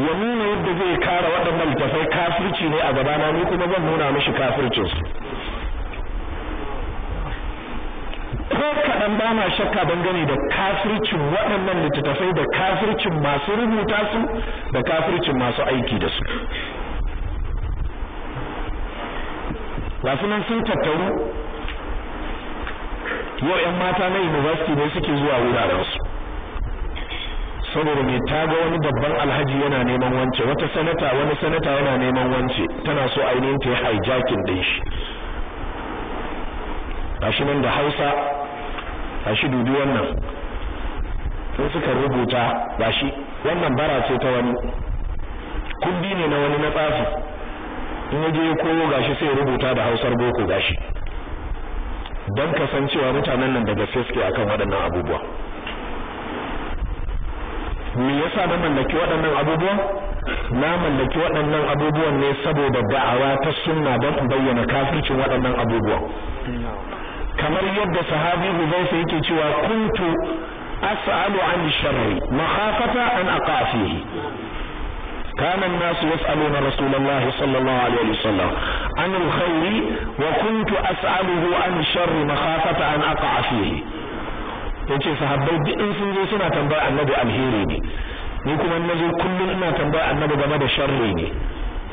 ya nuna yadda zai kare waɗannan littattafai kafirci ne a gabana ni kuma zan nuna mishi kafircinsu ko kaɗan ba ma shakka dangane da kafircin waɗannan littattafai da kafircin masu rubuta su da kafircin masu aiki da su wasu nan sun tattaru yau 'yan mata na university ne suke zuwa wurarensu saboda mai taga wani babban alhaji yana neman wance wata sanata wani sanata yana neman wance tana so ainihin ta yi hijacking din shi gashi nan da Hausa gashi dubi wannan sai suka rubuta gashi wannan bara ce ta wani kundi ne na wani na tsafi in yaje ya koyo gashi sai rubuta da Hausar boko gashi don kasancewa mutanen nan daga gaske suke akan waɗannan abubuwa me yasa na mallaki waɗannan abubuwa na mallaki waɗannan abubuwan ne saboda da'awa ta sunna don bayyana kafircin waɗannan abubuwa kamar yadda sahabi Hudayfa yake cewa kuntu as'alu an sharri makhafata an aqa fihi كان الناس يسألون رسول الله صلى الله عليه وسلم عن الخير وكنت أسأله عن الشر مخافة أن أقع فيه yace sahabbai duk in sun zo suna tambaya annabi alheri ne ni kuma nazo zo kullum ina tambaya annabi game da sharri ne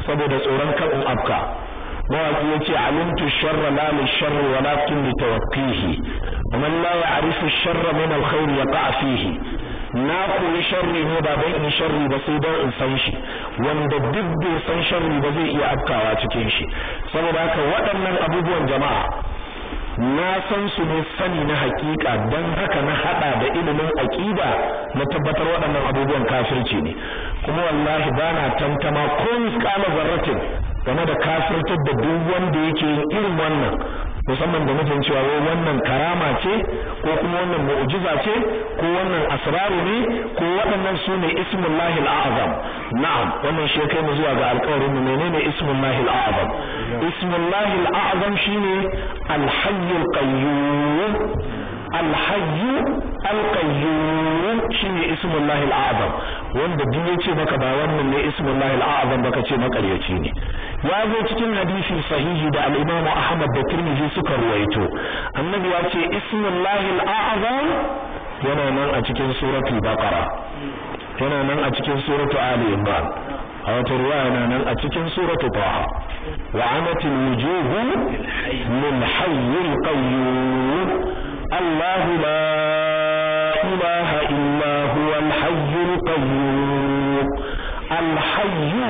saboda tsoron kan abka mawaki ya ce alimtu sharra la min sharri walakin li tawaqqihi wa man la ya'rifu sharra min alkhair yaqa fihi na koyi sharri ne ba dan in sharri ba sai dan in san shi wanda duk bai san sharri ba zai iya afkawa cikin shi saboda haka waɗannan abubuwan jama'a na san su ne sani na hakika don haka na hada da ilimin aqida na tabbatar waɗannan abubuwan kafirci ne kuma wallahi bana tantama ko misqala zarratin game da kafirtar da duk wanda yake yin irin wannan musamman da nufin cewa wai wannan karama ce ko kuma wannan mu'jiza ce ko wannan asraru ne ko waɗannan su ne ismullahi al'azam na'am wannan shi kai mu zuwa ga alƙawarin mu menene ismullahi al'azam ismullahi al'azam shine al-hayyul qayyum al-hayyu shine ismullahi al'azam wanda duk yace maka ba wannan ne ismullahi al'azam baka ce makaryaci ne wazo cikin hadisi sahihi da al-Imam Ahmad da Tirmidhi suka ruwaito annabi ya ce ismullahi al-a'zam yana nan a cikin suratul baqara yana nan a cikin suratul ali imran a wata riwaya yana nan a cikin suratul taha wa amatil wujuhu lil hayyil qayyum Allah la ilaha illa huwal hayyul qayyum al hayy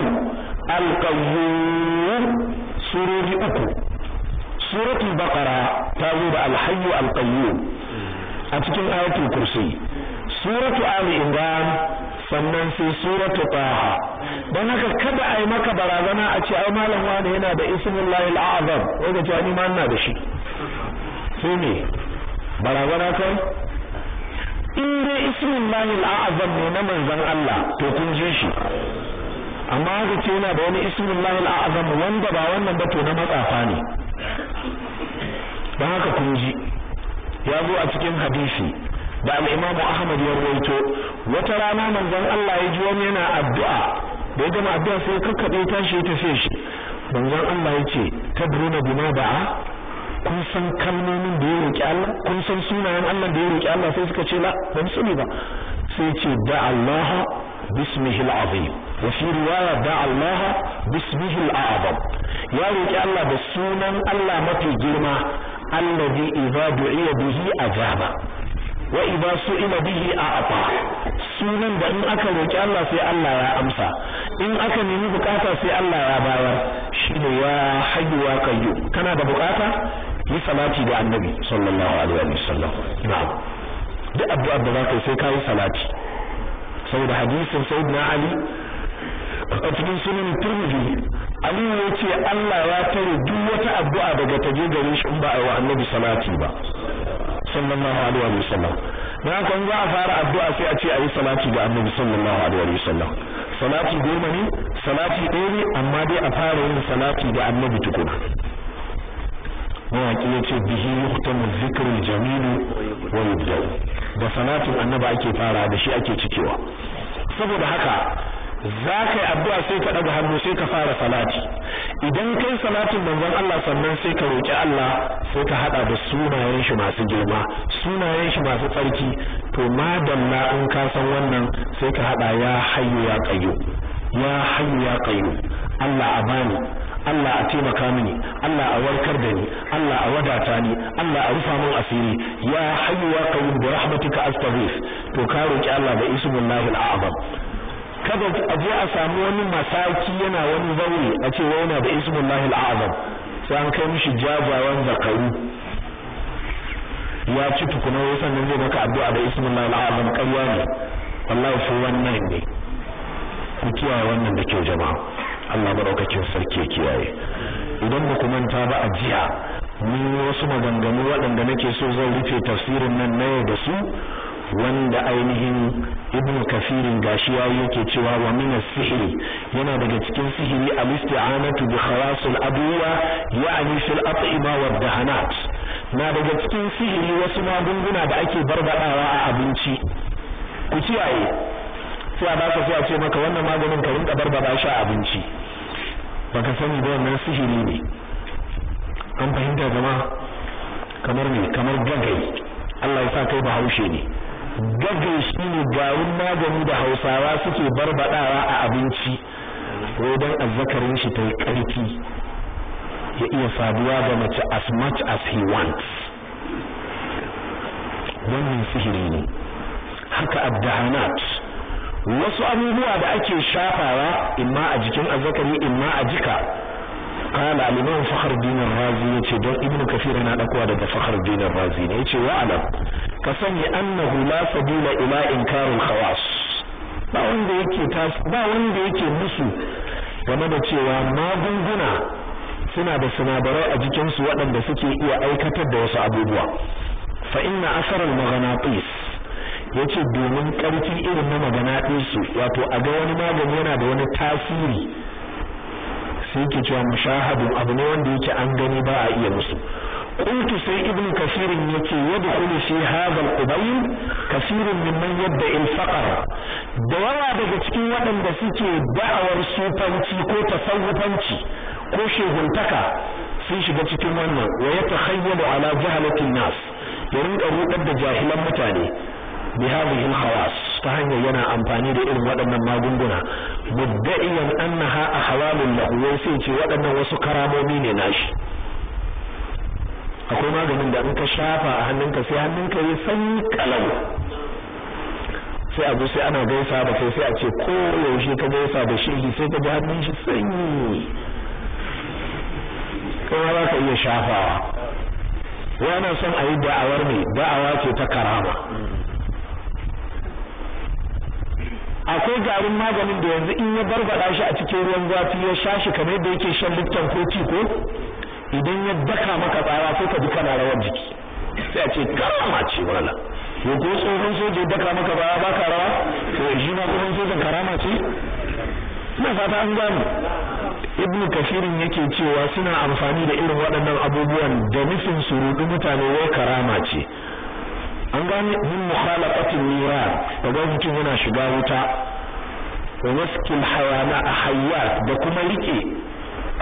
al qayyum surori uku suratul baqara ta zo da alhayyu alqayyum a cikin ayatul kursi suratu ali imran sannan sai suratu taha dan haka kada a yi maka barazana a ce ai malam wani yana da ismullahi al'azam ko ga jani ma ina da shi sai me barazana kai in dai ismullahi al'azam ne na manzon Allah to kun ji shi amma haka ce yana da wani ismin lahil a'azam wanda ba wannan ba to na matsafa ne dan haka kun ji ya zo a cikin hadisi da al'imamu ahmad ya rawaito wata rana manzon Allah ya ji wani yana addu'a da ya gama addu'a sai kakkaɓe tashi ya tafi shi manzon Allah ya ce tabruna bima ba'a kun san kalmomin da ya roki Allah kun san sunayen Allah da ya roki Allah sai suka ce la ban sani ba sai ce da Allah bismihil azim wa fi riwaya da Allah bismihi al-a'zam ya roki Allah da sunan Allah mafi girma alladhi idza du'iya bihi ajaba wa idza su'ila bihi a'ta sunan da in aka roki Allah sai Allah ya amsa in aka nemi bukata sai Allah ya bayar shine ya hayyu ya qayyum kana da bukata yi salati da annabi sallallahu alaihi wasallam na'am duk addu'ar da zaka yi sai ka yi salati saboda hadisin sayyidina ali a cikin sunan turmiji aliyu ya ce Allah ya tare duk wata addu'a daga ta je gare shi in ba a wa annabi salati ba sallallahu alaihi wa sallam dan kan za a fara addu'a sai a ce ayi yi salati ga annabi sallallahu alaihi wa sallam salati goma ne salati ɗaya ne amma dai a fara yin salati ga annabi tukuna mawaƙi ya ce bihi yuhtamu zikrul jamilu wa yubda da salatin annabi ake fara da shi ake cikewa saboda haka za ka yi addu'a sai ka ɗaga hannu sai ka fara salati idan kai salatin manzon Allah sannan sai ka roƙi Allah sai ka haɗa da sunayen shi masu girma sunayen shi masu tsarki to madalla in ka san wannan sai ka haɗa ya hayyu ya qayyum ya hayyu ya qayyum Allah a bani Allah a taimaka mini Allah a warkar da ni Allah a wadata ni Allah a rufa min asiri ya hayyu ya qayyum bi rahmatika astaghfir to ka roki Allah da ismullahi al-a'zam kada a je a samu wani masaki yana wani zaure a ce wai yana da ismullahi al'azam sai an kai mishi jajawan zakaru ya ci tukuna wai sannan zai maka addu'a da ismullahi al'azam karya ne wallahi sai wannan ne ku kiyaye wannan da kyau jama'a Allah baraukakin sarki ya kiyaye idan ba ku manta ba a jiya ni wasu maganganu waɗanda nake so zan rufe tafsirin nan na yau da su wanda ainihin ibnu kafirin gashi ya yake cewa wa sihiri yana daga cikin sihiri a istianatu bi khawasil adwiya ya'ni fil at'ima wad dahanat na daga cikin sihiri wasu magunguna da ake barbadawa a abinci ku kiyaye sai a ka sai a ce maka wannan maganin ka rinka barbada shi a abinci baka sani ba wannan sihiri ne an fahimta jama'a kamar ne kamar gagai Allah ya sa kai bahaushe ne gaje shi ne garin magani da hausawa suke barbadawa a abinci ko don azzakarin shi ta yi ƙarfi ya iya saduwa ga mace as much as he wants wannan sihiri ne haka abdahanat wasu abubuwa da ake shafawa imma a jikin azzakari imma a jika qala al-imam fakhruddin ar-razi yace don ibn kafir yana dakuwa daga fakhruddin ar-razi ne yace wa alam ka sani annahu la sabila ba wanda yake ba wanda yake musu game da cewa magunguna suna da sinadarai a jikinsu waɗanda suke iya aikatar da wasu abubuwa fa inna asarar maghanatis yace domin ƙarfi irin na maghanatis wato a ga wani magani yana da wani tasiri sai yake cewa mushahadu abu ne wanda yake an gani ba a iya musu qultu sai ibnu kasirin yake yadkhulu fi hadha al kasirin kasirun mimman yadda al-faqr da yawa daga cikin waɗanda suke da'awar sufanci ko tasawufanci ko shehuntaka sun shiga cikin wannan wa yatakhayyal ala jahalatin nas ya rinka rudar da jahilan mutane bi hadhihi al ta hanyar yana amfani da irin waɗannan magunguna mudda'iyan annaha a lahu wai sai ce waɗannan wasu karamomi ne nashi akwai maganin da in ka shafa a hannunka sai hannunka ya sanyi kalau sai abu sai ana gaisa da kai sai a ce ko yaushe ka gaisa da shehi sai ka ji shi sanyi kuma za ka iya shafawa na son a yi da'awar ne da'awa ce ta karama akwai garin maganin da yanzu in ya barbada shi a cikin ruwan zafi ya sha shi kamar da yake shan lifton ko ko idan ya daka maka tsara sai ka ji rawar jiki sai a ce karama ce wala ko ko tsohon soja ya daka maka ba ka rawa to shi ma tsohon sojan karama ce ina fata an gane ibn kafirin yake cewa suna amfani da irin waɗannan abubuwan da nufin su mutane wai karama ce an gane min mukhalafatin nira da mutum yana shiga wuta da waskil hayana a hayyat da kuma rike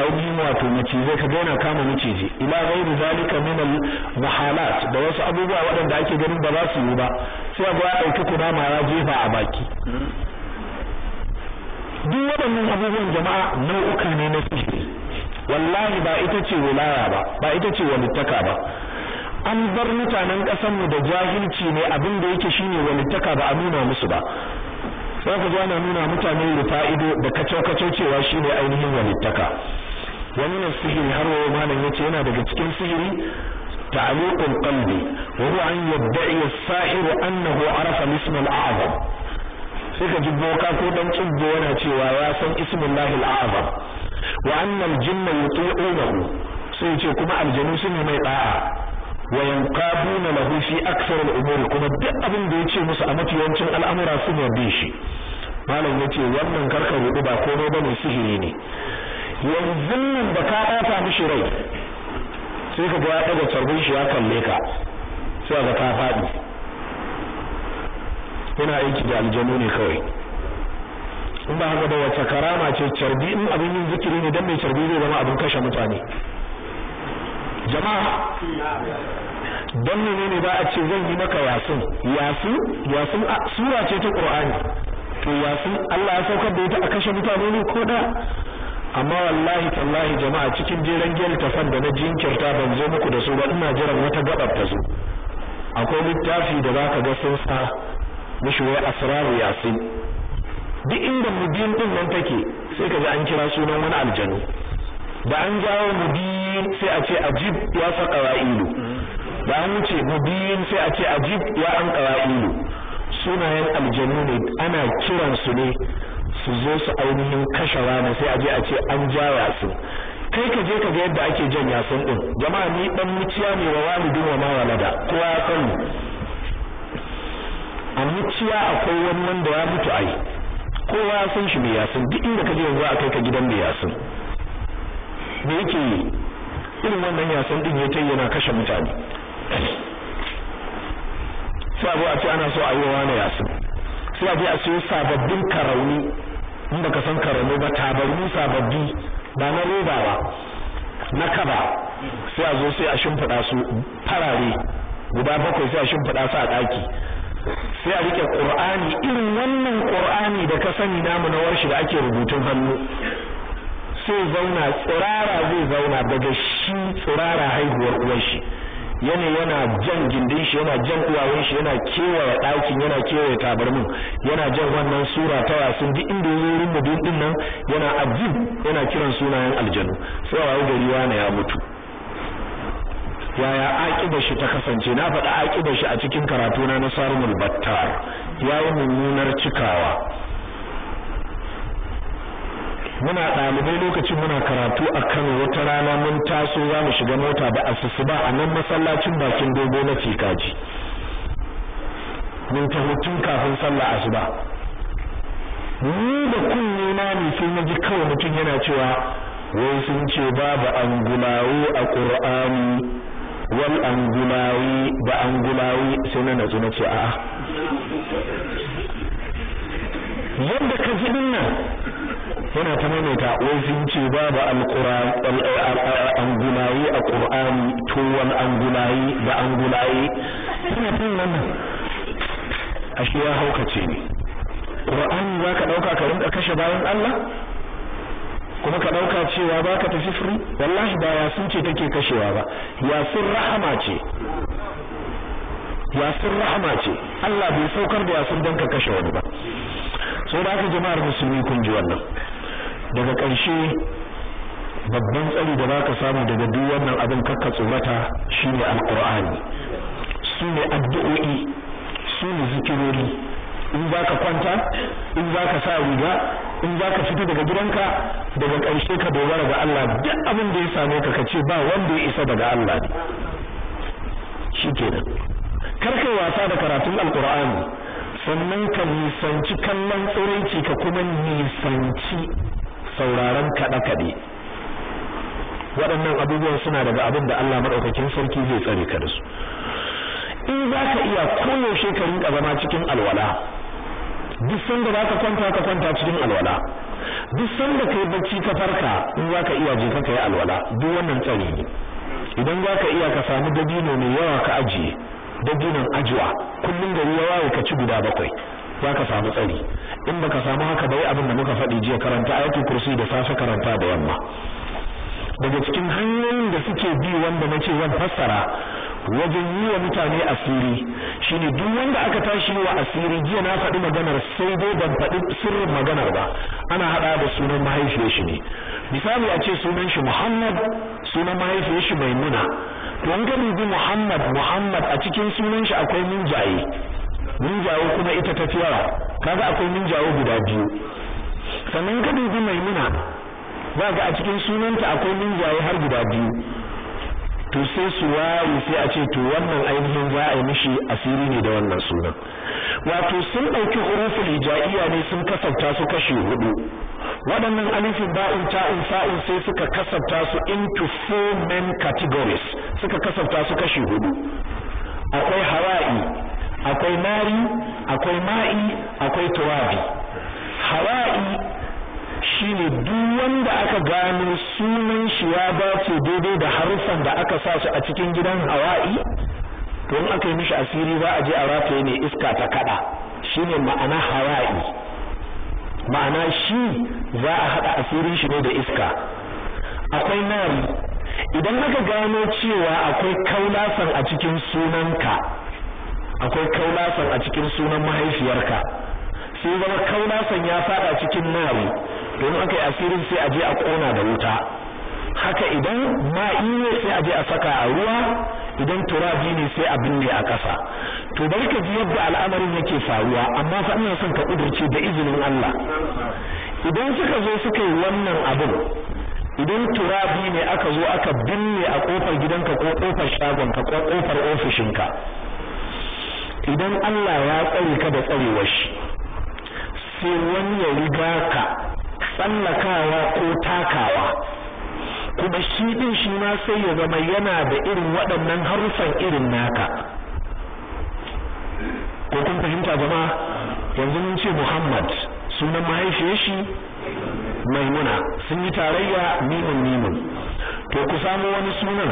ainihin wato macizai ka daina kama maciji ila ghairu zalika min al muhalat da wasu abubuwa waɗanda ake ganin ba za su yi ba sai ga ya dauki kunama ya jefa a baki duk waɗannan abubuwan jama'a nau'uka ne na sihiri wallahi ba ita ce wilaya ba ba ita ce walittaka ba an bar mutanen ƙasar mu da jahilci ne abin da yake shine walittaka ba a nuna musu ba sai ka ji nuna mutane da fa'ido da kacau cewa shine ainihin walittaka wani sihiri har wa malam yace yana daga cikin sihiri تعليق القلب ƙalbi, أن يدعي الساحر أنه عرف الاسم الأعظم sai ka ji boka ko dan cibbo yana cewa ya san ismullahi al'azam wa anna al-jinna yuti'unahu sai ce kuma aljanu sun mai da'a Wayan kabuna lahu fi aksar al kuma duk abin da ce musu a mafiyancin al'amura su yarda shi malam yace wannan karka rubu ba komai bane sihiri ne yanzu nan da ka ɓata mishi rai sai ka ga ya ɗaga carbin shi ya kalle ka sai ga ka faɗi yana aiki da aljanu ne kawai in ba haka da wacce karama ce carbi in abin yin zikiri ne dan mai carbi zai zama abin kashe mutane jama'a don ne ba a ce zan yi maka yasun yasu yasun sura ce ta qur'ani to yasun Allah ya saukar da ita a kashe mutane ne ko da amma wallahi tallahi jama'a cikin jeren gel ta da na jinkirta ban zo muku da su ba ina jiran wata gabar ta zo akwai littafi da zaka ga sun sa mishi wai asraru yasin duk inda mudin din nan take sai ka an kira sunan wani aljanu da an jawo mubin sai a ce ajib ya fa qawaidu da an wuce mubin sai a ce ajib ya an qawaidu sunayen aljanu ne ana kiran su ne su zo su ainihin kashe rana sai a je a ce an jaya su kai ka je ka ga yadda ake jan yasin din jama'a ni dan muciya ne wa walidin wa ma walada kowa ya sani a muciya akwai wani wanda ya mutu ai kowa ya san shi mai yasin duk inda ka je yanzu a kai ka gidan mai yasin me yake irin wannan yasan din ya tayi yana kashe mutane sai abu a ce ana so a yi na yasan sai a je a siyo sababbin karauni in baka san karauni ba tabarni sababbi ba na roba ba na kaba sai a zo sai a shimfiɗa su farare guda bakwai sai a shimfiɗa su a ɗaki sai a rike qur'ani irin wannan qur'ani da ka sani namu na warshi da ake rubutun hannu sai zauna tsirara zai zauna daga shi tsirara haihuwar uwar shi yana yana jan gindin shi yana jan uwayen shi yana kewaye ɗakin yana kewaye tabarmin yana jan wannan sura ta wasu duk inda ya yi din nan yana abin yana kiran sunayen aljanu sai wayo gari wani ya mutu yaya aƙibar shi ta kasance na faɗa aƙibar shi a cikin karatuna na sarumul battar yayi mummunar cikawa muna ɗalibai lokacin muna karatu a Kano wata rana mun taso za mu shiga mota da ba a nan masallacin bakin dogo na Fikaji mun tafi tun kafin sallah asuba ni da kunne na ne sai na ji kawai mutum yana cewa wai sun ce babu angulawi a Qur'ani wal angulawi ba angulawi sai na nazo na ce a'a yadda ka ji dinnan yana ta maimaita wai sun ce babu angulayi a ƙur'ani tuwon angulayi da angulayi yana ta nan wannan ashe ya haukace ne ƙur'ani za ka ɗauka ka rinka kashe bayan Allah kuma ka ɗauka cewa ba ka tafi firi wallahi ba yasin ce take kashewa ba sun rahama ce sun rahama ce Allah bai saukar da yasin don ka kashe wani ba sau da aka jama'ar musulmi kun ji wannan daga ƙarshe babban tsari da ka samu daga duk wannan abin kakka tsorata Alƙur'ani. Su ne addu'o'i su ne zikirori in za ka kwanta in za ka sa riga in za ka fita daga gidanka daga ƙarshe ka dogara ga Allah duk abin da ya same ka ka ce ba wanda ya isa daga Allah ne shi shikenan kar kai wasa da karatun Alƙur'ani sannan ka nisanci kallon tsiraici ka kuma nisanci sauraron kaɗe-kaɗe waɗannan abubuwan suna daga abin da Allah maɗaukakin sarki zai tsare ka da su in za ka iya koyaushe ka rinka zama cikin alwala duk sanda za ka kwanta ka kwanta cikin alwala duk sanda ka yi bacci ka farka in za ka iya jefa ka yi alwala duk wannan tsari ne idan za ka iya ka samu dabino mai yawa ka ajiye dabinon ajiwa kullum gari ya waye ka ci guda bakwai za ka samu tsari in baka samu haka bai abin da muka faɗi jiya karanta ayatu kursi da safe karanta da yamma daga cikin hanyoyin da suke bi wanda na ce zan fassara wajen yi wa mutane asiri shine duk wanda aka tashi wa asiri jiya na faɗi maganar sai dai ban faɗi sirrin maganar ba ana haɗa da sunan mahaifiyar shi ne misali a ce sunan shi Muhammad sunan mahaifiyar shi Maimuna to an ga Muhammad Muhammad a cikin sunan shi akwai jaye. minjawo kuma ita ta fi yawa kaga akwai minjawo guda biyu sannan ka dubi maimuna ba ga a cikin sunanta akwai minjawo har guda biyu to sai su ware sai a ce to wannan ainihin za a yi mishi asiri ne da wannan sunan wato sun ɗauki hurufin hijaiya ne sun kasafta su kashe hudu waɗannan alifin ba'in ta'in fa'in sai suka kasafta su into four main categories suka kasafta su kashe hudu akwai hawa'i akwai mari akwai ma'i akwai tuwabi hawa'i shi duk wanda aka gano sunan shi ya dace daidai da harsan da aka sa su a cikin gidan hawa'i to in aka yi mishi asiri za a je a rataye ne iska ta kada ne ma'ana hawa'i ma'ana shi za a hada asirin shi ne da iska akwai nari idan aka gano cewa akwai kaulasan a cikin sunanka akwai kaulasan a cikin sunan mahaifiyarka sai zama kaulasan ya fada cikin nari domin aka yi asirin sai a je a kona da wuta haka idan ma'i ne sai a je a saka a ruwa idan turabi ne sai a binne a ƙasa to bari ka ji yadda al'amarin yake faruwa amma fa ina son ka kudurce da izinin Allah idan suka zo suka yi wannan abin idan turabi ne aka zo aka binne a kofar gidanka ko kofar shagonka ko kofar ofishinka idan Allah ya tsare ka da tsarewar shi sai wani ya riga ka tsallakawa ko takawa kuma shi din shi ma sai ya zama yana da irin waɗannan harsan irin naka ko kun fahimta jama'a yanzu mun ce Muhammad sunan mahaifiyar shi maimuna sun yi tarayya mimun mimun to ku samu wani sunan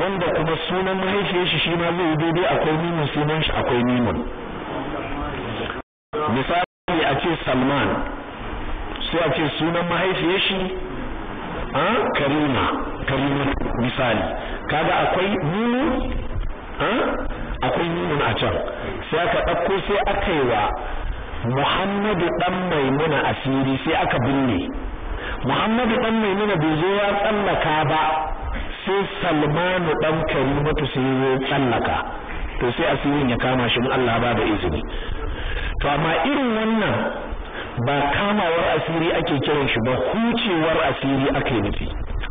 wanda kuma sunan mahaifiyar shi shi ma zai daidai akwai mimun sunan shi akwai mimun misali a ce salman sai a ce sunan mahaifiyar shi a karima karima misali kaga akwai mimun akwai mimun a can sai aka ɗauko sai aka yi wa muhammadu dan maimuna asiri sai aka binne muhammadu dan maimuna bai zo ya tsallaka ba sai salmanu dan karimatu sai ya tsallaka to sai asirin ya kama shi in Allah ba da izini to amma irin wannan ba kamawar asiri ake kiran shi ba hucewar asiri ake nufi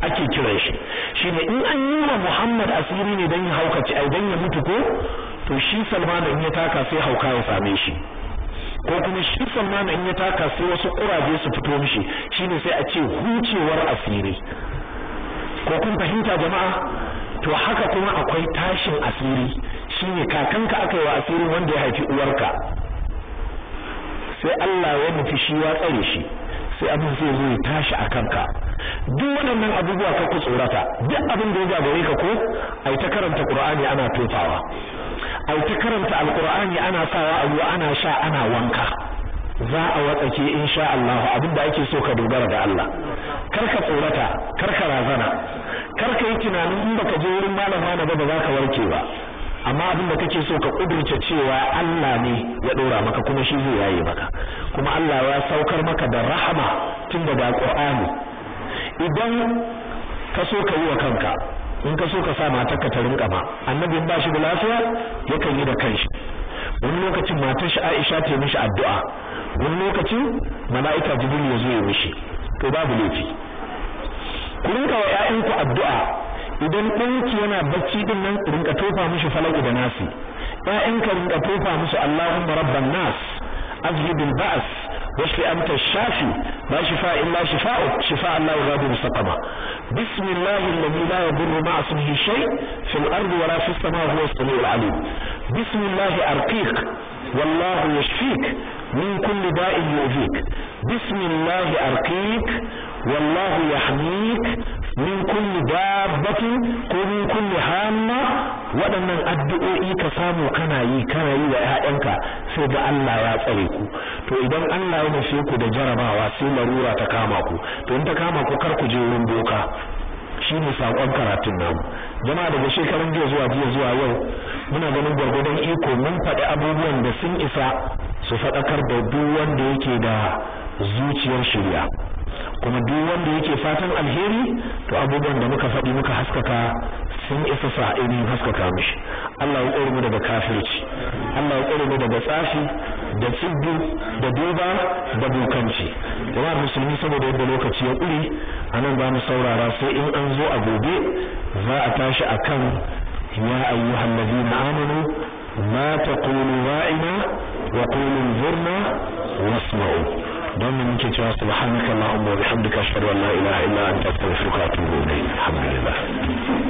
ake kiran shi shi ne in an yi wa Muhammad asiri ne dan ya haukaci ai dan ya mutu ko to shi Salmanu in ya taka sai hauka ya same shi ko kuma shi sannan in ya taka sai wasu kuraje su fito mishi shine sai a ce hucewar asiri ko kun fahimta jama'a to haka kuma akwai tashin asiri shine kakanka aka yi wa asirin wanda ya haifi uwarka sai Allah ya nufi shi ya tsare shi sai abin zai zo ya tashi a kanka duk waɗannan abubuwa ka ku tsorata duk abin da ya gagare ka ko ai ta karanta Qur'ani ana tofawa ai ta karanta alkur'ani ana sawa a ruwa ana sha ana wanka za a watsake insha Allah abinda ake so ka dogara da Allah kar ka tsorata kar ka razana kar ka yi tunanin in baka je wurin malama na ba ba za ka warke ba amma abin da kake so ka kudurce cewa Allah ne ya dora maka kuma shi zai yaye maka kuma Allah ya saukar maka da rahama tun daga Qur'ani idan ka so ka yi wa kanka in ka so ka sa matar ka ta rinka ba annabi ba shi da lafiya yakan yi da kanshi wani lokacin matar shi Aisha ta yi mishi addu'a wani lokacin mala'ika Jibril ya zo ya mishi to babu laifi ku rinka wa ƴaƴanku addu'a idan ɗanki yana bacci din nan rinka tofa mishi falaku da nasi ƴaƴanka rinka tofa musu Allahumma rabban nas azhibil ba'as واشف أنت الشافي ما شفاء إلا شفاؤك شفاء لا يغادر سقما بسم الله الذي لا يضر مع اسمه شيء في الأرض ولا في السماء هو السميع العليم بسم الله أرقيك والله يشفيك من كل داء يؤذيك بسم الله أرقيك والله يحميك min kulli dabbatin ko min kulli hamma waɗannan addu'o'i ka samu kana yi kana yi wa ƴaƴanka sai ga Allah ya tsare ku to idan Allah ya nufe ku da jarabawa sai larura ta kama ku to in ta kama ku kar ku je wurin boka shine saƙon karatun namu jama'a daga shekarun jiya zuwa jiya zuwa yau muna ganin gwargwadon iko mun faɗi abubuwan da sun isa su faɗakar da duk wanda yake da zuciyar shirya kuma duk wanda yake fatan alheri to abubuwan da muka faɗi muka haskaka sun isa sa ainihin haskaka mishi Allah ya mu daga kafirci Allah ya mu daga tsafi da tsibbu da duba da bukanci jama'ar musulmi saboda yadda lokaci ya ƙure a nan mu saurara sai in an zo a gobe za a tashi akan ya ayyuhan ladina amanu ma taqulu ra'ina wa qulu zurna ma'u. ضمن منك يا سبحانك اللهم وبحمدك اشهد ان لا اله الا انت استغفرك واتوب اليك الحمد لله